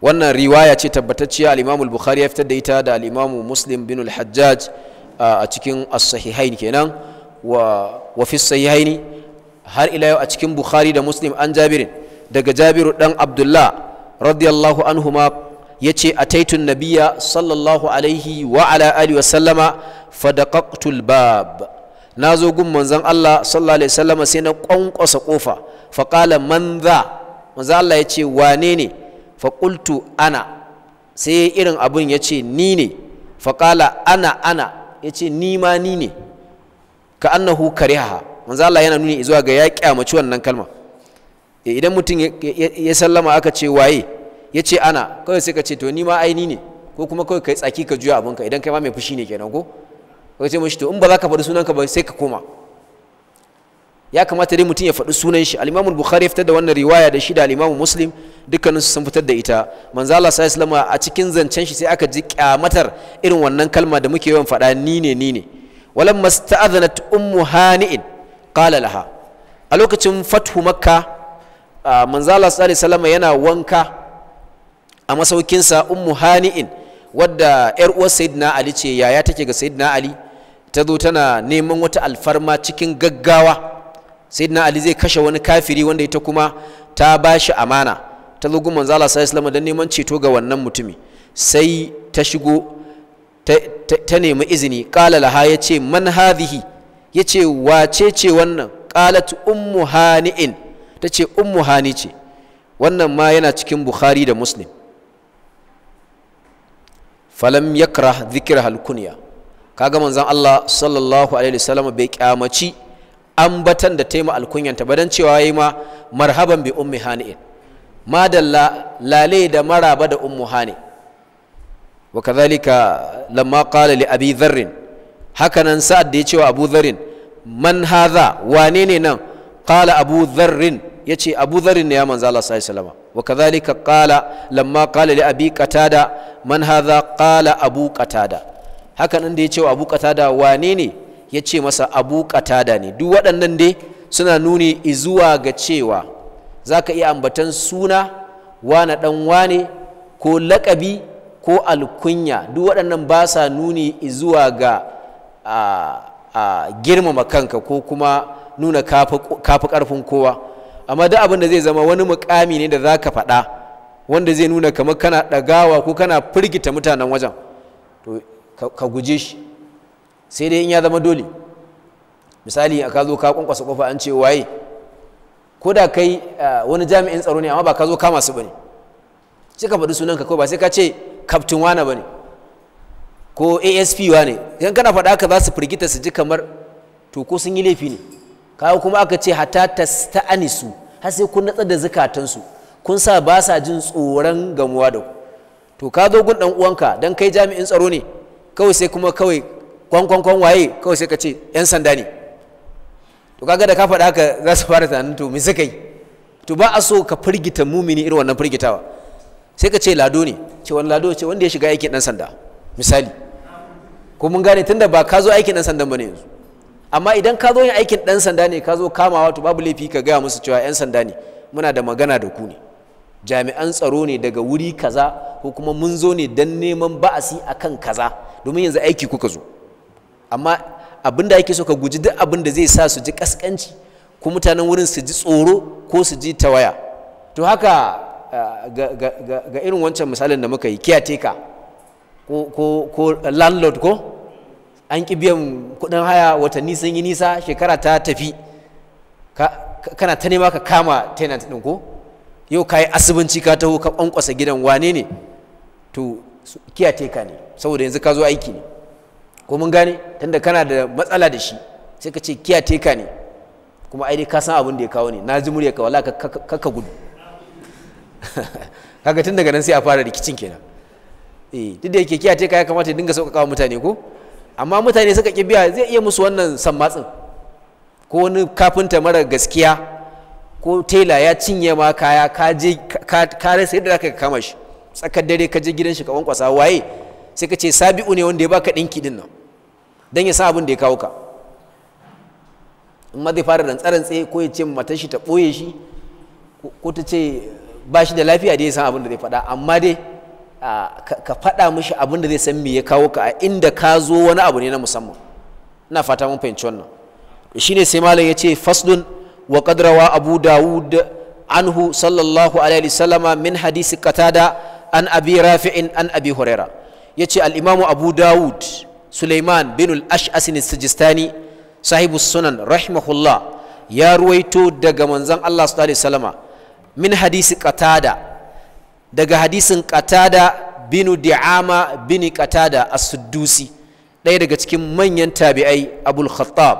wannan riwaya ce tabbatacciya al-Imam al-Bukhari ya fitar da ita da al-Imam Muslim bin al-Hajjaj a cikin as-sahihain kenan wa wa fi sahihaini har ila yau a cikin bukhari da muslim an jabirin daga jabiru dan abdullah radiyallahu anhuma ya ce a taitun nabiya sallallahu alaihi wa ala alihi wa sallama fadaqaqtul bab na zo gun manzon Allah sallallahu alaihi sallama sai na kwankwasa kofa faƙala man za manzon Allah ya ce wane ne faƙultu ana sai irin abun ya ce ni ne faƙala ana ana ya ce ni ma ni ne ka annahu kariha manzo Allah yana nuni zuwa ga ya kyamaci wannan kalma eh, idan mutum ya sallama aka ce waye ya ce ana kawai sai ka ce to ni ma aini ne ko kuma kawai kai tsaki ka juya abinka idan kai ma mai fushi ne kenan ko ka ce mashi to in ba za ka faɗi sunanka ba sai ka koma ya kamata dai mutum ya faɗi sunan shi al bukari Bukhari ya fitar da wannan riwaya da shi da al Muslim dukkanin sun fitar da ita manzo Allah sai sallama a cikin zancen shi sai aka ji kyamatar irin wannan kalma da muke yawan faɗa ni ne ni ne walamma sta'adhanat ummu hani'in qala laha a lokacin fathu makka manzo Allah sallallahu alaihi yana wanka a masaukinsa in muhani'in wadda yar uwar sayyidina ali ce yaya take ga sayyidina ali ta zo tana neman wata alfarma cikin gaggawa sayyidina ali zai kashe wani kafiri wanda ita kuma ta bashi amana ta zo gun manzo Allah sallallahu don neman ceto ga wannan mutumi sai ta shigo ta nemi izini qala laha yace man ya ce wace ce wannan qalat ummu hani'in ta ce ummu hani ce wannan ma yana cikin bukhari da muslim falam kira dhikra halkunya kaga manzon Allah sallallahu alaihi wasallam bai kyamaci ambatan da taima alkunyanta ba don cewa yayi ma marhaban bi ummi hani'in madalla lale da maraba da ummu hani wa kadhalika lamma qala li abi dharrin hakanan sa'ad da ya cewa abu zarin man haza wane ne nan kala abu zarin ya ce abu zarin ne ya manza Allah sallallahu salama wa kadhalika kala lamma kala li abi qatada man haza kala abu qatada hakanan da ya cewa abu qatada wane ne ya ce masa abu qatada ne duk waɗannan dai suna nuni izuwa ga cewa zaka iya ambatan suna wane dan wane ko laƙabi ko alkunya duk waɗannan ba sa nuni izuwa ga a girmama kanka ko kuma nuna kafi karfin kowa amma duk abin da zai zama wani mukami ne da za ka faɗa wanda zai nuna kamar kana ɗagawa ko kana firgita mutanen wajen to ka guje shi sai dai in ya zama dole misali a ka zo ka kwankwasa kofa an ce waye ko da kai wani jami'in tsaro ne amma ba ka zo kama su ne sai ka faɗi sunanka kawai ba sai ka ce kaftin wana ba ne. ko asp wa ne idan kana faɗa haka za su firgita su ji kamar to ko sun yi laifi ne kawo kuma aka ce hata ta anisu har sai kun natsar da zukatansu kun sa ba sa jin tsoron gamuwa da ku to ka zo gun ɗan uwanka dan kai jami'in tsaro ne kawai sai kuma kawai kwankwankwan waye kawai sai ka ce yan sanda ne to kaga da ka faɗa haka za su fara tunanin to me suka yi to ba a so ka firgita mumini irin wannan firgitawa sai ka ce lado ne ce wani lado ce wanda ya shiga aikin ɗan sanda misali ko mun gane tunda ba ka zo aikin ɗan sanda ba yanzu amma idan ka zo yin aikin dan sanda ne ka zo kamawa to babu laifi ka gaya musu cewa 'yan sanda ne muna da magana da ku ne jami'an tsaro ne daga wuri kaza ko kuma mun zo ne dan neman ba'asi akan kaza domin yanzu aiki kuka zo amma abin da ake so ka guji duk abin da zai sa su ji kaskanci ko mutanen wurin su ji tsoro ko su ji tawaya to haka ah, ga irin wancan misalin da muka yi ka. ko landlord ko an ƙi biyan kuɗin haya watanni sun yi nisa shekara ta tafi kana ta nema ka kama tenant ɗin ko yau ka yi asibinci ka taho ka ƙwanƙwasa gidan wane ne to kiyate ka ne saboda yanzu ka zo aiki ne ko mun gane tunda kana da matsala da shi sai ka ce kiyate ka ne kuma ai dai ka san abin da ya kawo ne na ji murya ka wala ka gudu kaga tun daga nan sai a fara rikicin kenan eh duk da yake kiya ka ya kamata ya dinga sauƙaƙawa mutane ko amma mutane suka ki biya zai iya musu wannan sammatsin ko wani kafinta mara gaskiya ko tela ya cinye ma kaya ka je ka rasa yadda zaka kama shi tsakar dare ka je gidan shi ka kwankwasa waye sai ka ce sabi'u ne wanda ya baka ɗinki din nan dan ya san abin da ya kawo ka in ma zai fara tsaye ko ya ce matar shi ta ɓoye shi ko ta ce ba shi da lafiya da ya san abin da zai faɗa amma dai ka faɗa mishi abin da zai san me ya kawo ka a inda ka zo wani abu ne na musamman ina fata mun fahimci wannan shine sai malam ya ce faslun wa qad abu dawud anhu sallallahu alaihi wasallama min hadisi qatada an abi rafi'in an abi huraira yace al-imamu abu dawud sulaiman bin al-ash'as sijistani sahibu sunan rahimahullah ya ruwaito daga manzon Allah sallallahu alaihi wasallama min hadisi qatada daga hadisin qatada binu di'ama bini qatada a suddusi ɗaya daga cikin manyan tabi'ai abul khattab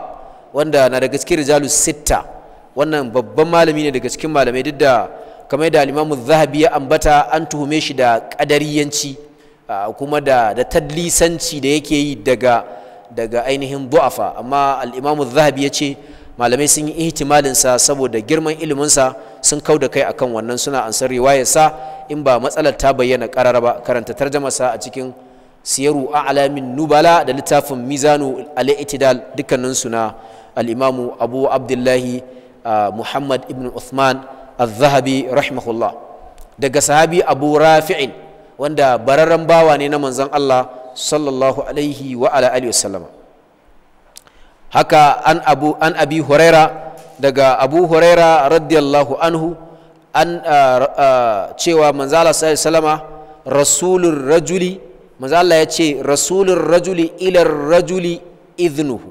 wanda na daga cikin rijalu sitta wannan babban malami ne daga cikin malamai duk da kamar da al-imamu zahabi ya ambata an tuhume shi da kadariyanci kuma da da tadlisanci da yake yi daga ainihin du'afa amma al-imamu zahabi ya ce malamai sun yi ihtimalin sa saboda girman iliminsa sun sun kauda kai akan wannan suna ansar riwayar sa in ba matsalar ta bayyana karara ba karanta tarjamar a cikin siyaru a'lamin nubala da littafin mizanu al-i'tidal dukkanin na al-imam abu abdullahi muhammad ibn uthman az-zahabi rahimahullah daga sahabi abu rafi'in wanda bararren bawa ne na manzon Allah sallallahu alaihi wa ala alihi wasallama haka an abu an abi huraira daga abu huraira radiyallahu anhu an uh, uh, cewa manzala salama rasulun rajuli manzala ya ce rasulun rajuli ilar rajuli idnuhu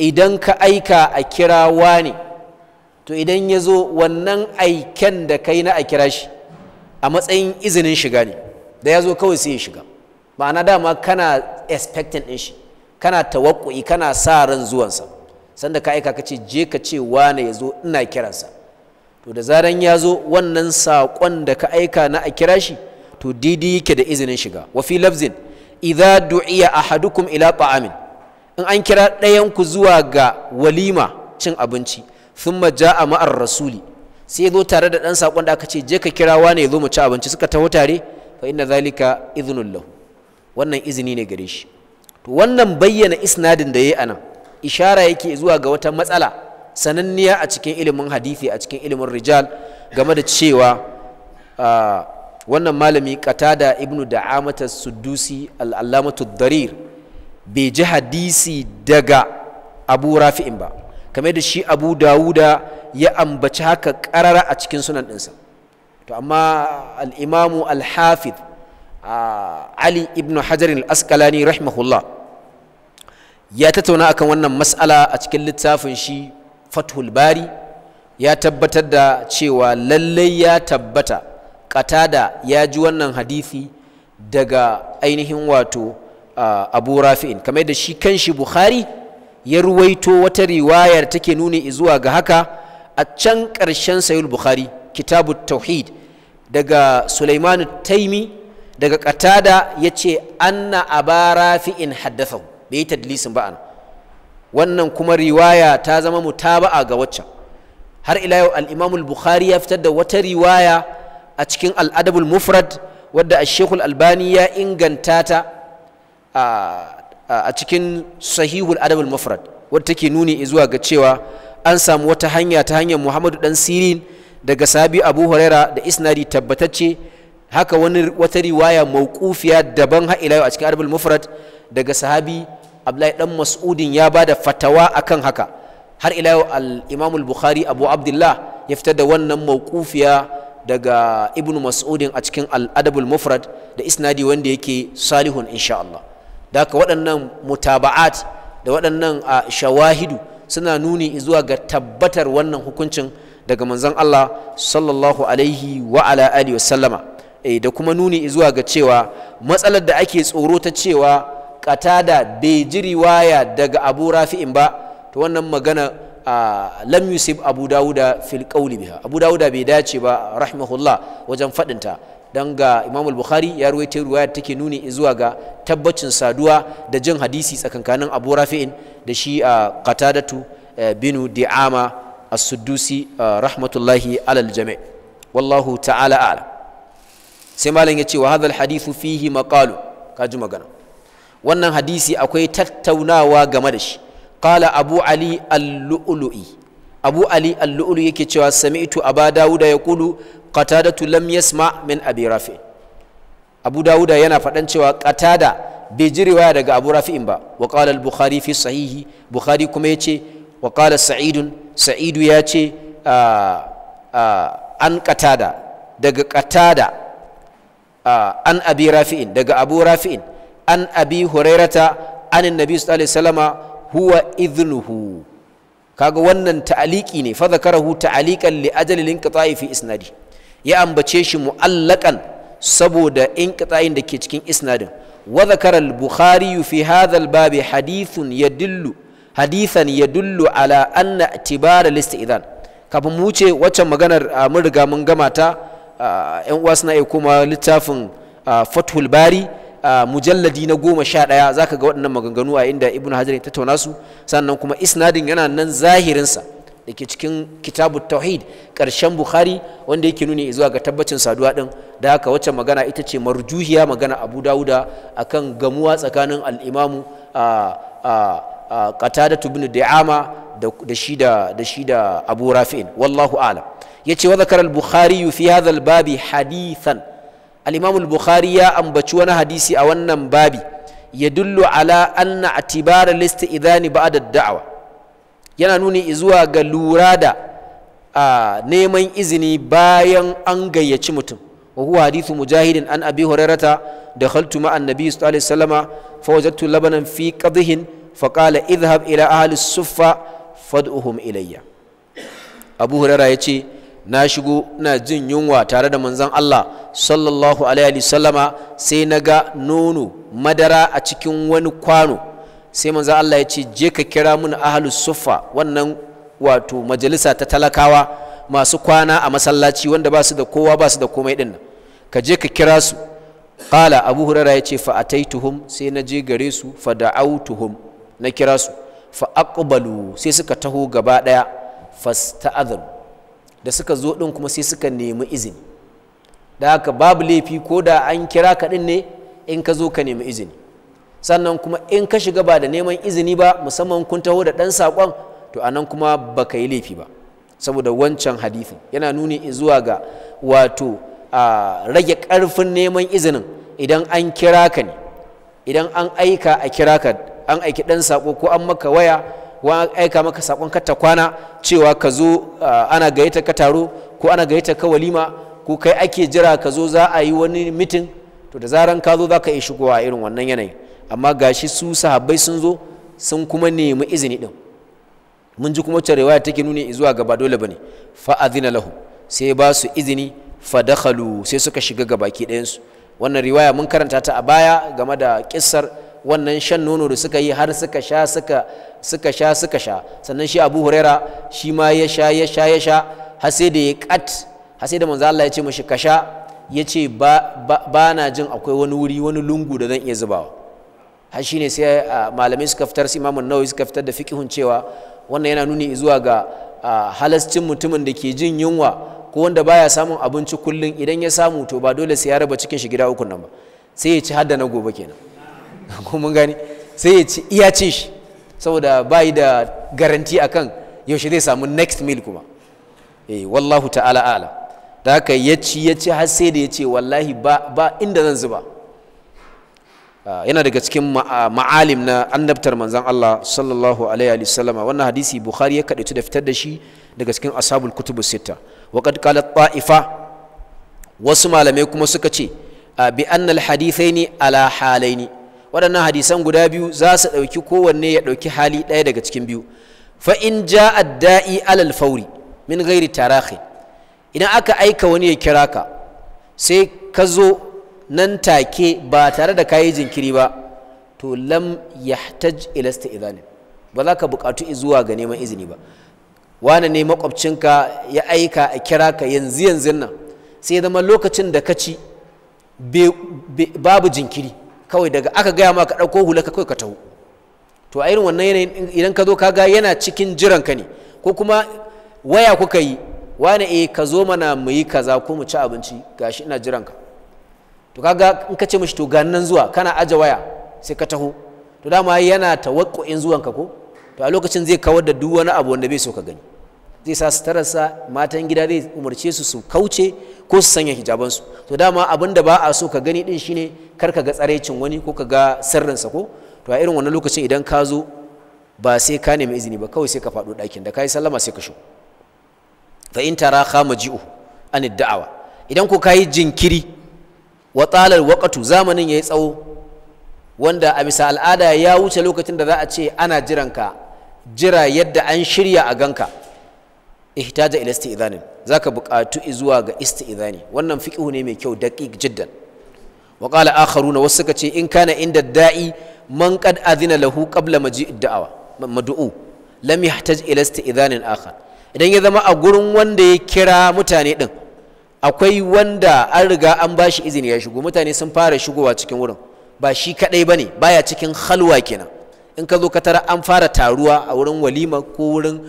idan ka aika a kira wani to idan ya zo wannan aiken da kai na a kira shi a matsayin izinin shiga ne da ya zo kawai sai ya shiga ma'ana dama kana expecting din shi kana tawakku'i kana sa ran zuwansa sanda ka aika kace je ka ce wane ya zo ina kiransa to da zaran ya zo wannan saƙon da ka aika na a kira shi to didi yake da izinin shiga wa fi lafzin idza du'iya ahadukum ila ta'amin in an kira ɗayan ku zuwa ga walima cin abinci thumma ja'a ma'ar rasuli sai zo tare da ɗan saƙon da aka ce je ka kira wane ya zo mu ci abinci suka taho tare fa inna zalika idhnullahu wannan izini ne gare shi to wannan bayyana isnadin da ya yi anan ishara yake zuwa ga wata matsala sananniya a cikin ilimin hadithi a cikin ilimin rijal game da cewa wannan malami qatada ibnu da'amata suddusi al-allamatu darir bai ji hadisi daga abu rafi'in ba kamar da shi abu dawuda ya ambaci haka karara a cikin sunan ɗinsa to amma al'imamu al-hafid ali ibn hajar al-askalani rahimahullah ya tattauna akan wannan mas'ala a cikin littafin shi fathul bari ya tabbatar da cewa lallai ya tabbata katada ya ji wannan hadisi daga ainihin wato abu rafi'in kamar da shi kan shi bukhari ya ruwaito wata riwayar take nuni zuwa ga haka a can ƙarshen sayul bukhari kitabu tauhid daga sulaimanu taimi daga katada ya ce anna abu rafi'in haddasa bai yi tadlisin ba ana wannan kuma riwaya ta zama mutaba'a ga waccan har ila yau al'imamul bukhari ya fitar da wata riwaya a cikin al-Adabul Mufrad wadda ashekul albani ya inganta ta a cikin Sahihul Adabul Mufrad wadda take nuni zuwa ga cewa an samu wata hanya ta hanyar Muhammadu dan Sirin daga sabi Abu Huraira da isnadi tabbatacce haka wani wata riwaya mauqufiya daban har ila yau a cikin Adabul Mufrad daga sahabi Abdullahi dan Mas'udin ya bada fatawa akan haka har ila yau al-Imam al-Bukhari Abu Abdullah ya fita da wannan mawqufiya daga ibnu Mas'udin a cikin al-Adabul Mufrad da isnadi wanda yake salihun insha Allah da haka waɗannan mutaba'at da waɗannan shawahidu suna nuni zuwa ga tabbatar wannan hukuncin daga manzon Allah sallallahu alaihi wa ala alihi wa sallama eh, da kuma nuni zuwa ga cewa matsalar da ake tsoro ta cewa ƙatada bai ji riwaya daga abu rafi'in ba to wannan magana lam yusib abu dawuda fil qawli biha abu dawuda bai dace ba rahimahullah wajen fadinta dan ga imam al-bukhari ya ruwaito riwayar take nuni zuwa ga tabbacin saduwa da jin hadisi tsakankanin abu rafi'in da shi a qatadatu e, binu di'ama as-suddusi e, rahmatullahi alal jami' wallahu ta'ala a'lam sai malam ya ce wa hadha al-hadithu fihi maqalu kaji magana wannan hadisi akwai tattaunawa game da shi qala abu ali al-lu'lu'i abu ali al-lu'lu yake cewa sami'tu aba dawuda yaqulu qatadatu lam yasma min abi rafi abu dawuda yana faɗan cewa qatada bai ji riwaya daga abu rafi'in ba wa qala al-bukhari fi sahihi bukhari kuma yace wa qala sa'idu ya ce ah, ah, an qatada daga qatada ah, an abi rafi'in daga abu rafi'in an abi hurairata anin nabi sallallahu alaihi wasallama huwa idnuhu kaga wannan ta'aliki ne fa zakarahu ta'alikan li ajalil inqita'i fi isnadi ya ambace shi mu'allakan saboda inqita'in da ke cikin isnadin wa zakara al-bukhari fi hadha al-bab hadithun yadullu hadithan yadullu ala anna i'tibara al-isti'dhan kafin mu wuce waccan maganar mun riga mun gama ta yan uwa suna iya kuma littafin fathul bari mujalladi na goma sha ɗaya za ka ga waɗannan maganganu a inda ibn hajar ya tattauna su sannan kuma isnadin yana nan zahirinsa da ke cikin kitabu tauhid ƙarshen bukhari wanda yake nuni zuwa ga tabbacin saduwa ɗin da haka wacce magana ita ce marjuhiya magana abu dawuda akan gamuwa tsakanin al'imamu qatada ibn da'ama da shi da da shi da abu rafi'in wallahu a'lam yace wa zakara al-bukhari fi hadha al-babi hadithan alimamul imam ya ambaci wani hadisi a wannan babi yadullu ala anna atibara listi idani ba'da da'wa yana nuna zuwa ga lura da a neman izini bayan an gayyaci mutum wa huwa hadithu mujahidin an abi hurairata dakhaltu ma'an nabiy sallallahu alaihi wasallama fawajadtu labanan fi qadhihin faqala idhhab ila ahli suffa fad'uhum ilayya abu ya ce. na shigo na jin yunwa tare da manzan Allah sallallahu alaihi sallama sai na ga nono madara a cikin wani kwano sai manzon Allah ya ce je ka kira mun ahlus suffa wannan wato majalisa ta talakawa masu kwana a masallaci wanda ba su da kowa ba su da komai din ka je ka kira su qala abu hurara ya ce fa ataituhum sai na je gare su fa da'autuhum na kira su fa aqbalu sai suka taho gaba daya fasta'adhu da suka zo ɗin kuma sai suka nemi izini da haka babu laifi ko da an kira ka ɗin ne in ka zo ka nemi izini sannan kuma in ka shiga ba da neman izini ba musamman kun taho da ɗan saƙon to anan kuma ba ka yi laifi ba saboda wancan hadithin yana nuni zuwa ga wato a rage ƙarfin neman izinin idan an kira ka ne idan an aika a kira ka an aiki ɗan saƙo ko an maka waya wa aika maka sakon ka ta kwana cewa ka zo ana gayyata ka taro ko ana gayyata ka walima ko kai ake jira ka zo za a yi wani mitin to da zaran ka zo za ka iya shigowa irin wannan yanayi amma gashi su sahabbai sun zo sun kuma nemi izini din mun ji kuma cewa take nuni zuwa gaba dole bane fa azina lahu sai ba su izini fa dakhalu sai suka shiga gabaki ɗayansu wannan riwaya mun karanta ta a baya game da kissar wannan shan nono da suka yi har suka sha suka suka sha suka sha sannan shi Abu Huraira shi ma ya sha ya sha ya sha har sai da ya kat har sai da manzo Allah ya ce mishi ka sha ya ce ba na jin akwai wani wuri wani lungu da zan iya zubawa har ne sai malamai suka fitar su Imaman Nawawi suka fitar da fiqhun cewa wannan yana nuni zuwa ga halascin mutumin da ke jin yunwa ko wanda baya samun abinci kullum idan ya samu to ba dole sai ya raba cikin shi gida ukun nan ba sai ya ci har da na gobe kenan ko mun gani sai ya ci iya cin shi saboda bayi da garanti akan yaushe zai samu next meal kuma eh wallahu ta'ala ala da haka ya ci ya ci har sai da ya ce wallahi ba inda zan zuba ah, yana daga cikin ah, ma'alim na annabtar manzon Allah sallallahu alaihi wa wannan hadisi Bukhari ya kadaitu da fitar da shi daga cikin ashabul kutubu sita wa qad qala ta'ifa wasu malamai kuma suka ce ah, bi annal al hadithaini ala halaini waɗannan hadisan guda biyu za su ɗauki kowanne ya ɗauki hali ɗaya daga cikin biyu fa in ja adda'i alal fauri min ghairi tarakhi idan aka aika wani ya kira ka sai ka zo nan take ba tare da kayi jinkiri ba to lam yahtaj ila isti'zan ba za ka buƙatu zuwa ga neman izini ba wane ne makwabcinka ya aika a kira ka yanzu yanzu nan sai zama lokacin da ka ci babu jinkiri kawai daga aka gaya ma ka ɗauko hula ka kawai ka taho to a irin wannan yanayin idan ka zo ka ga yana cikin jiran ka ne ko kuma waya kuka yi wani e eh, ka zo mana mu yi kaza ko mu ci abinci gashi ina jiran ka to kaga in ka ce mishi to ga nan zuwa kana aje waya sai ka taho to dama yana tawakkuin ka ko to a lokacin zai kawar da duk wani abu wanda bai so ka gani zai sa su tarasa matan gida zai umarce su su kauce ko su sanya hijabansu to dama abin da ba a so ka gani din shine kar ka ga tsaraicin wani ko ka ga sirrinsa ko to a irin wannan lokacin idan ka zo ba sai ka nemi izini ba kawai sai ka fado ɗakin da ka yi sallama sai ka sho fa in tara khama ji'u an da'awa idan ko ka yi jinkiri wa talal waqatu zamanin yi tsawo wanda a bisa al'ada ya wuce lokacin da za a ce ana jiranka jira yadda an shirya a ganka ihtaja ila isti'dhanin zaka buƙatu zuwa ga izani wannan fiqhu ne mai kyau daqiq jiddan wa qala akharuna wasu suka ce in kana inda da'i man qad adina lahu qabla maji'id da'awa mad'u lam yahtaj ila isti'dhanin akhar idan ya zama a gurin wanda ya kira mutane din akwai wanda an riga an bashi izini ya shigo mutane sun fara shigowa cikin wurin ba shi kadai bane baya cikin halwa kenan in ka zo ka tara an fara taruwa a wurin walima ko wurin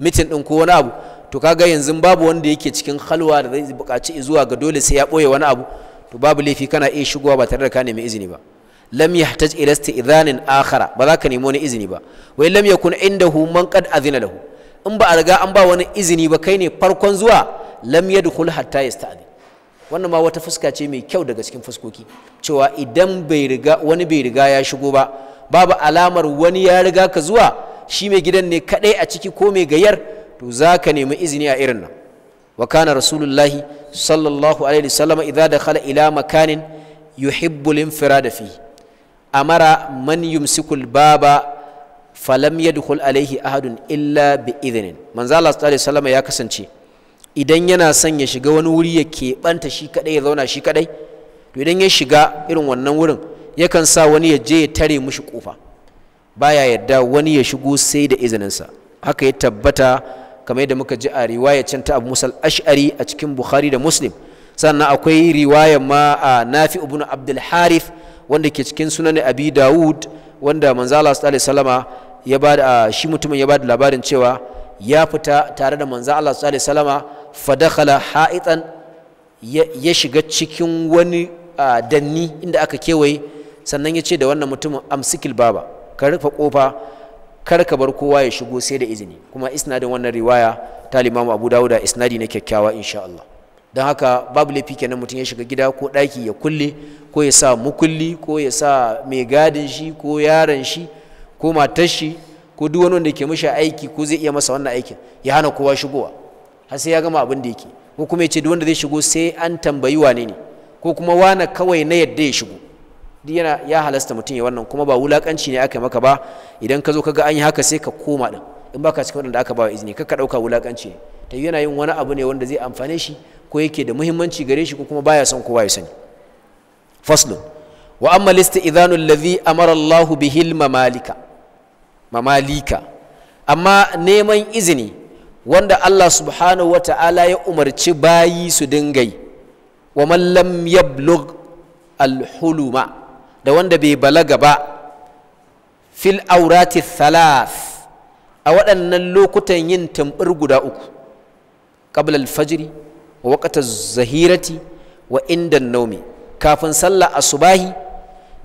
mitin din ko wani abu to kaga yanzu babu wanda yake cikin halwa da zai buƙaci zuwa ga dole sai ya ɓoye wani abu to babu laifi kana iya shigowa ba tare da ka nemi izini ba lam yahtaj ila isti'dhanin akhara ba za ka nemi wani izini ba wai lam yakun indahu man qad azina lahu in ba a riga an ba wani izini ba kai ne farkon zuwa lam yadkhul hatta yasta'dhin wannan ma wata fuska ce mai kyau daga cikin fuskoki cewa idan bai riga wani bai riga ya shigo ba babu alamar wani ya riga ka zuwa shi mai gidan ne kadai a ciki ko mai gayar to za ka nemi izini a irin nan wa kana rasulullahi sallallahu alaihi wasallam idza dakhala ila makanin yuhibbu linfirada da fi amara man yumsiku al-baba falam yadkhul alaihi ahadun illa bi idhnin manzo Allah sallallahu alaihi wasallam ya kasance idan yana son ya shiga wani wuri ya keɓanta shi kadai ya zauna shi kadai to idan ya shiga irin wannan wurin yakan sa wani ya je ya tare mushi kofa baya yadda wani ya shigo sai da izininsa haka ya tabbata kamar yadda muka ji a riwaya can ta Abu musal ashari a cikin Bukhari da Muslim sannan akwai riwaya ma a Nafi ibn Abdul harif wanda ke cikin sunan Abi Dawud wanda manzala sallallahu salama ya ba da shi mutumin ya ba da labarin cewa ya fita tare da manzala Allah sallallahu alaihi wasallama ha'itan ya shiga cikin wani danni inda aka kewaye sannan ya ce da wannan mutumin amsikil baba ka rufe kofa kar ka bar kowa ya shigo sai da izini kuma isnadin wannan riwaya ta limamu abu dawuda isnadi ne kyakkyawa insha Allah don haka babu laifi kenan mutum ya shiga gida ko daki ya kulle ko ya sa mukulli ko ya sa mai gadin shi ko yaron shi ko matar shi ko duk wani wanda ke mishi aiki ko zai iya masa wannan aikin ya hana kowa shigowa har sai ya gama abin da yake ko kuma ya ce duk wanda zai shigo sai an tambayi wane ne ko kuma wane kawai na yadda ya shigo duk yana ya halasta mutum ya wannan kuma ba wulakanci ne aka maka ba idan ka zo ka ga an yi haka sai ka koma din in baka cikin waɗanda aka ba wa izini ka ɗauka wulakanci ne ta yana yin wani abu ne wanda zai amfane shi ko yake da muhimmanci gare shi ko kuma baya son kowa ya sani faslun wa amma lista idanul ladhi amara Allahu bihil mamalika mamalika amma neman izini wanda Allah subhanahu wa ta'ala ya umarci bayi su dingai wa mallam lam yablugh al da wanda bai balaga ba fil aurati thalath a waɗannan lokutan yin tambur guda uku qabla alfajri wa waqta zahirati wa inda naumi kafin sallah asubahi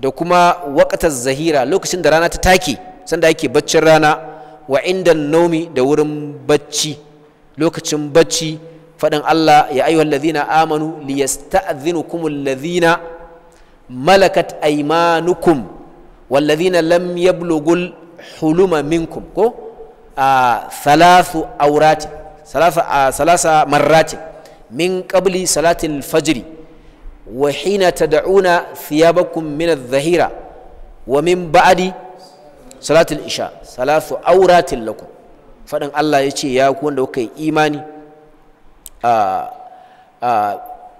da kuma waqta zahira lokacin da rana ta take sanda ake baccin rana wa inda naumi da wurin bacci lokacin bacci faɗin Allah ya ladina amanu liyasta'dhinukumul ladzina malakat aimanukum wallazina lam yablughul huluma minkum ko a thalathu salasa marratin min qabli salatil fajri wa hina tad'una thiyabakum min adh-dhahira wa min ba'di salatul isha salatu auratin lakum faɗin Allah ya ce ya ku wanda kuka imani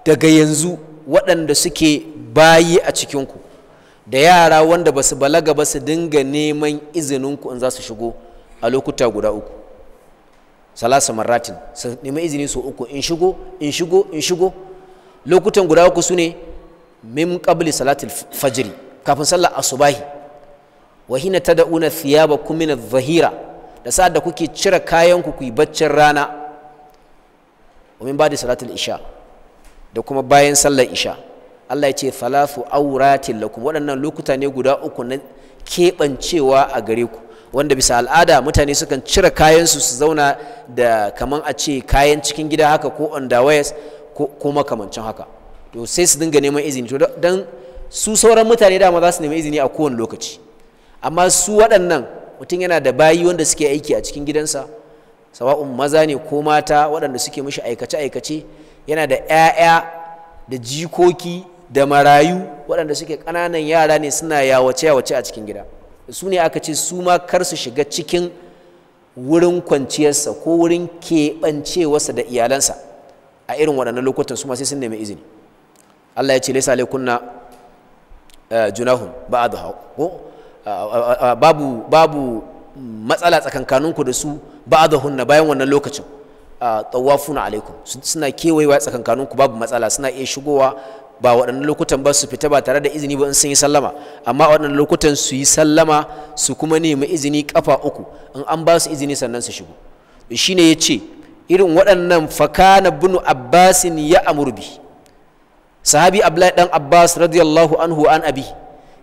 daga yanzu waɗanda suke bayi a cikinku da yara wanda basu balaga ba su dinga neman izininku in za su shigo a lokuta guda uku salasa maratin su nemi izini su uku in shigo in shigo in shigo lokutan guda uku su ne min qabli salatil fajiri kafin sallar asubahi wa hina tad'una thiyabakum min adh-dhahira da sa'ad da kuke cire kayanku ku yi baccin rana wa min ba'di salatul isha da kuma bayan sallar isha Allah ya ce falasu auratin lakum waɗannan lokuta ne guda uku na keɓancewa a gare ku wanda bisa al'ada mutane sukan cire kayansu su zauna da kaman a ce kayan cikin gida haka ko on underwears ko makamancin haka to sai su dinga neman izini to dan su sauran mutane dama za su nemi izini a kowane lokaci amma su waɗannan mutum yana da bayi wanda suke aiki a cikin gidansa sawa'un maza ne ko mata waɗanda suke mishi aikace aikace yana da 'ya'ya da jikoki da marayu waɗanda suke ƙananan yara ne suna yawace yawace a cikin gida su ne aka ce su ma kar su shiga cikin wurin kwanciyarsa ko wurin keɓancewarsa da iyalansa a irin waɗannan lokutan su ma sai sun nemi izini Allah ya ce laisa alaikunna eh, junahun ba'dahu ko babu babu matsala tsakankaninku da su hunna bayan wannan lokacin tsawafuna alaikum suna kewayewa tsakankaninku babu matsala suna iya shigowa ba waɗannan lokutan ba su fita ba tare da izini ba in sun yi sallama amma waɗannan lokutan su yi sallama su kuma nemi izini kafa uku in an ba su izini sannan su shigo shine ya ce irin waɗannan fakana bunu abbasin ya amurbi sahabi abdullahi dan abbas radiyallahu anhu an abi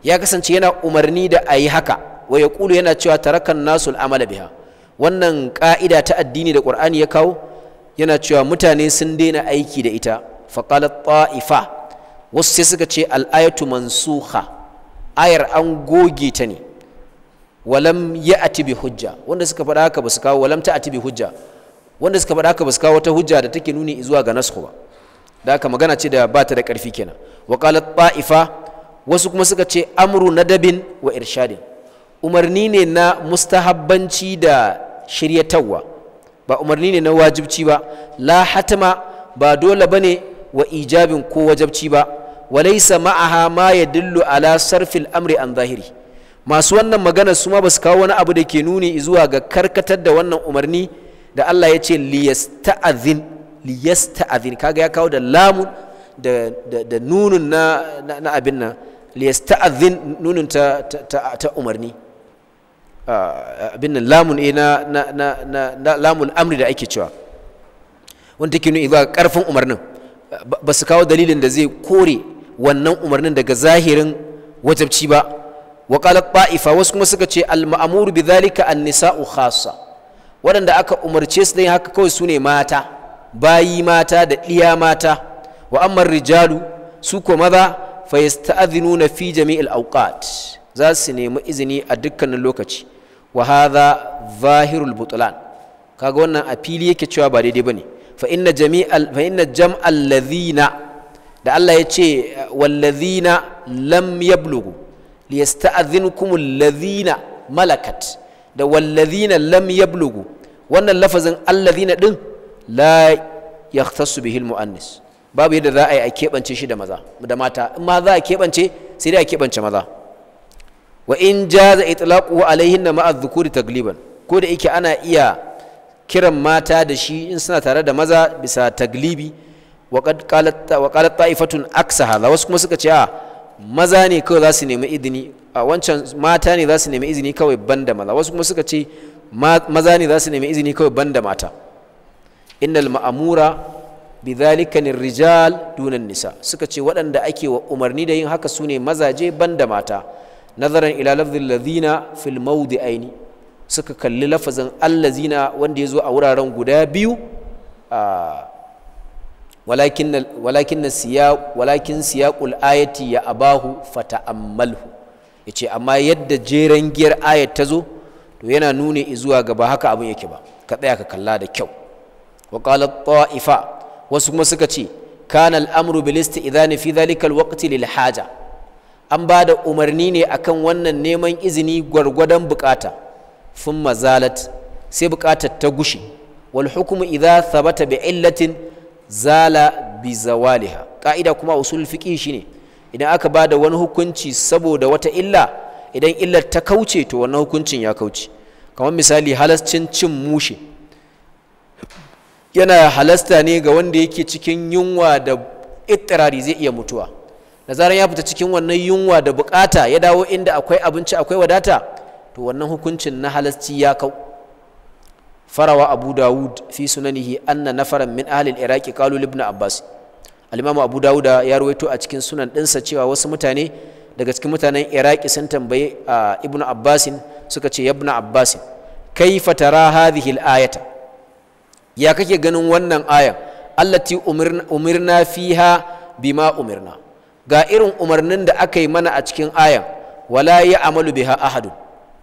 ya kasance yana umarni da a yi haka wa ya kulu yana cewa tarakan nasul amala biha wannan ka'ida ta addini da qur'ani ya kawo yana cewa mutane sun daina aiki da ita faqala ta'ifa wasu sai suka ce al'ayatu mansuha ayar an goge ta ne walam ya a hujja wanda suka faɗa haka ba su kawo walam ta hujja wanda suka faɗa haka ba su kawo wata hujja da take nuni zuwa ga nasu ba da haka magana ce da ba ta da ƙarfi kenan wa qalat wasu kuma suka ce amru nadabin wa irshadin umarni ne na mustahabbanci da shiryatarwa ba umarni ne na wajibci ba la hatima ba dole bane wa ijabin ko wajabci ba walaisa ma'aha ma ya dillu ala sarfil amri an zahiri masu wannan magana su ma ba su kawo wani abu da ke nuni zuwa ga karkatar da wannan umarni da Allah ya ce liyasta'adhin liyasta'adhin ya kawo da lamun da nunun na abin nan ta umarni ah, abin nan lamun eh, na, na, na lamun amri da ake cewa wanda take nuni zuwa karfin umarnin ba su kawo dalilin da zai kore wannan umarnin daga zahirin wajabci ba wa qalat wasu kuma suka ce al ma'muru bi dhalika an nisa'u khassa waɗanda aka umarce su da haka kawai su ne mata bayi mata da ɗiya mata wa amma rijalu su ko maza fa yasta'dhinuna fi jami'il awqat za su nemi izini a dukkanin lokaci wa hadha zahirul butlan kaga wannan a fili yake cewa ba daidai bane Fa'inna inna jami'al fa da Allah ya ce walladhina lam yablugu liyasta'dhinkum alladhina malakat da walladhina lam yablugu wannan lafazin alladhina din la yahtassu bihi almu'annis babu yadda za a yi a keɓance shi da maza da mata in ma za a keɓance sai dai a keɓance maza wa in jaza itlaquhu alaihinna ma'a dhukuri tagliban ko da yake ana iya kiran mata da shi in suna tare da maza bisa taglibi wa qalat ta'ifatun aksa hadha wasu kuma suka ce a maza ne kawai za su nemi izini a wancan mata ne za su nemi izini kawai banda maza wasu kuma suka ce maza ne za su nemi izini kawai banda mata innal ma'amura bidhalika rijal dunan nisa suka ce waɗanda ake wa umarni da yin haka sune mazaje banda mata nazaran ila lafzil ladina fil mawdi aini suka kalli lafazin allazina wanda ya zo a wuraren guda biyu walakin siya walakin siyaqul ayati ya abahu fata'ammalhu yace amma yadda jeren giyar ayat ta zo to yana nuni zuwa gaba haka abin yake ba ka tsaya ka kalla da kyau wa qala ta'ifa wasu kuma suka ce kana al'amru bil istidhani fi dhalika alwaqti lil haja an ba da umarni ne akan wannan neman izini gwargwadon bukata sun mazalat sai buƙatar ta gushe wal hukumu idza thabata bi illatin zala bi zawaliha ka'ida kuma usul fiqi shine idan aka bada wani hukunci saboda wata illa idan illar ta kauce to wannan hukuncin ya kauce kamar misali halascin cin mushe yana halasta ne ga wanda yake cikin yunwa da ittirari zai iya mutuwa da zaran ya fita cikin wannan yunwa da bukata ya dawo inda akwai abinci akwai wadata to wannan hukuncin na halarci ya kau farawa abu dawud fi sunanihi anna nafaran min ahli iraki qalu ibn abbas al abu dawud ya ruwaito a cikin sunan dinsa cewa wasu mutane daga cikin mutanen iraki sun tambaye ibn abbas suka ce ibn abbas kaifa tara hadhihi al-ayata ya kake ganin wannan ayan allati umirna fiha bima umirna ga irin umarnin da aka yi mana a cikin ayan wala ya amalu biha ahadun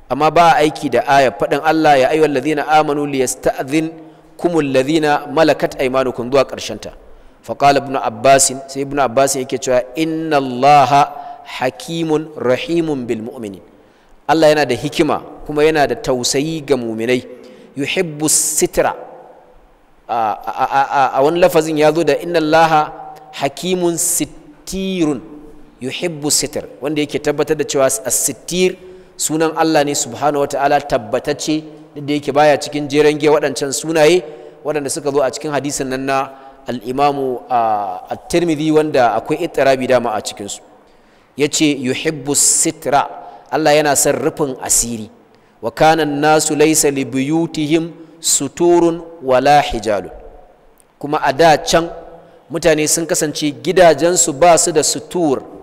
amma ba aiki da aya faɗin Allah ya ayyuhal ladhina amanu liyasta'dhin kumul ladhina malakat aymanukum zuwa ƙarshen ta fa qala ibn abbas sai ibn abbas yake cewa inna Allah hakimun rahimun bil mu'minin Allah yana da hikima kuma yana da tausayi ga mu'minai yuhibbu sitra a wani lafazin ya zo da inna Allah hakimun sittirun yuhibbu sitir wanda yake tabbatar da cewa as-sittir sunan Allah ne subhanahu wataala tabbatacce da yake baya cikin jeren giya waɗancan sunaye waɗanda suka zo a cikin hadisin nan na al-imamu at-tirmidhi wanda akwai ittirabi dama a cikin su yace yuhibbu sitra Allah yana son rufin asiri wa kana nasu laysa li buyutihim suturun wala hijalun kuma a da can mutane sun kasance gidajensu ba su da sutur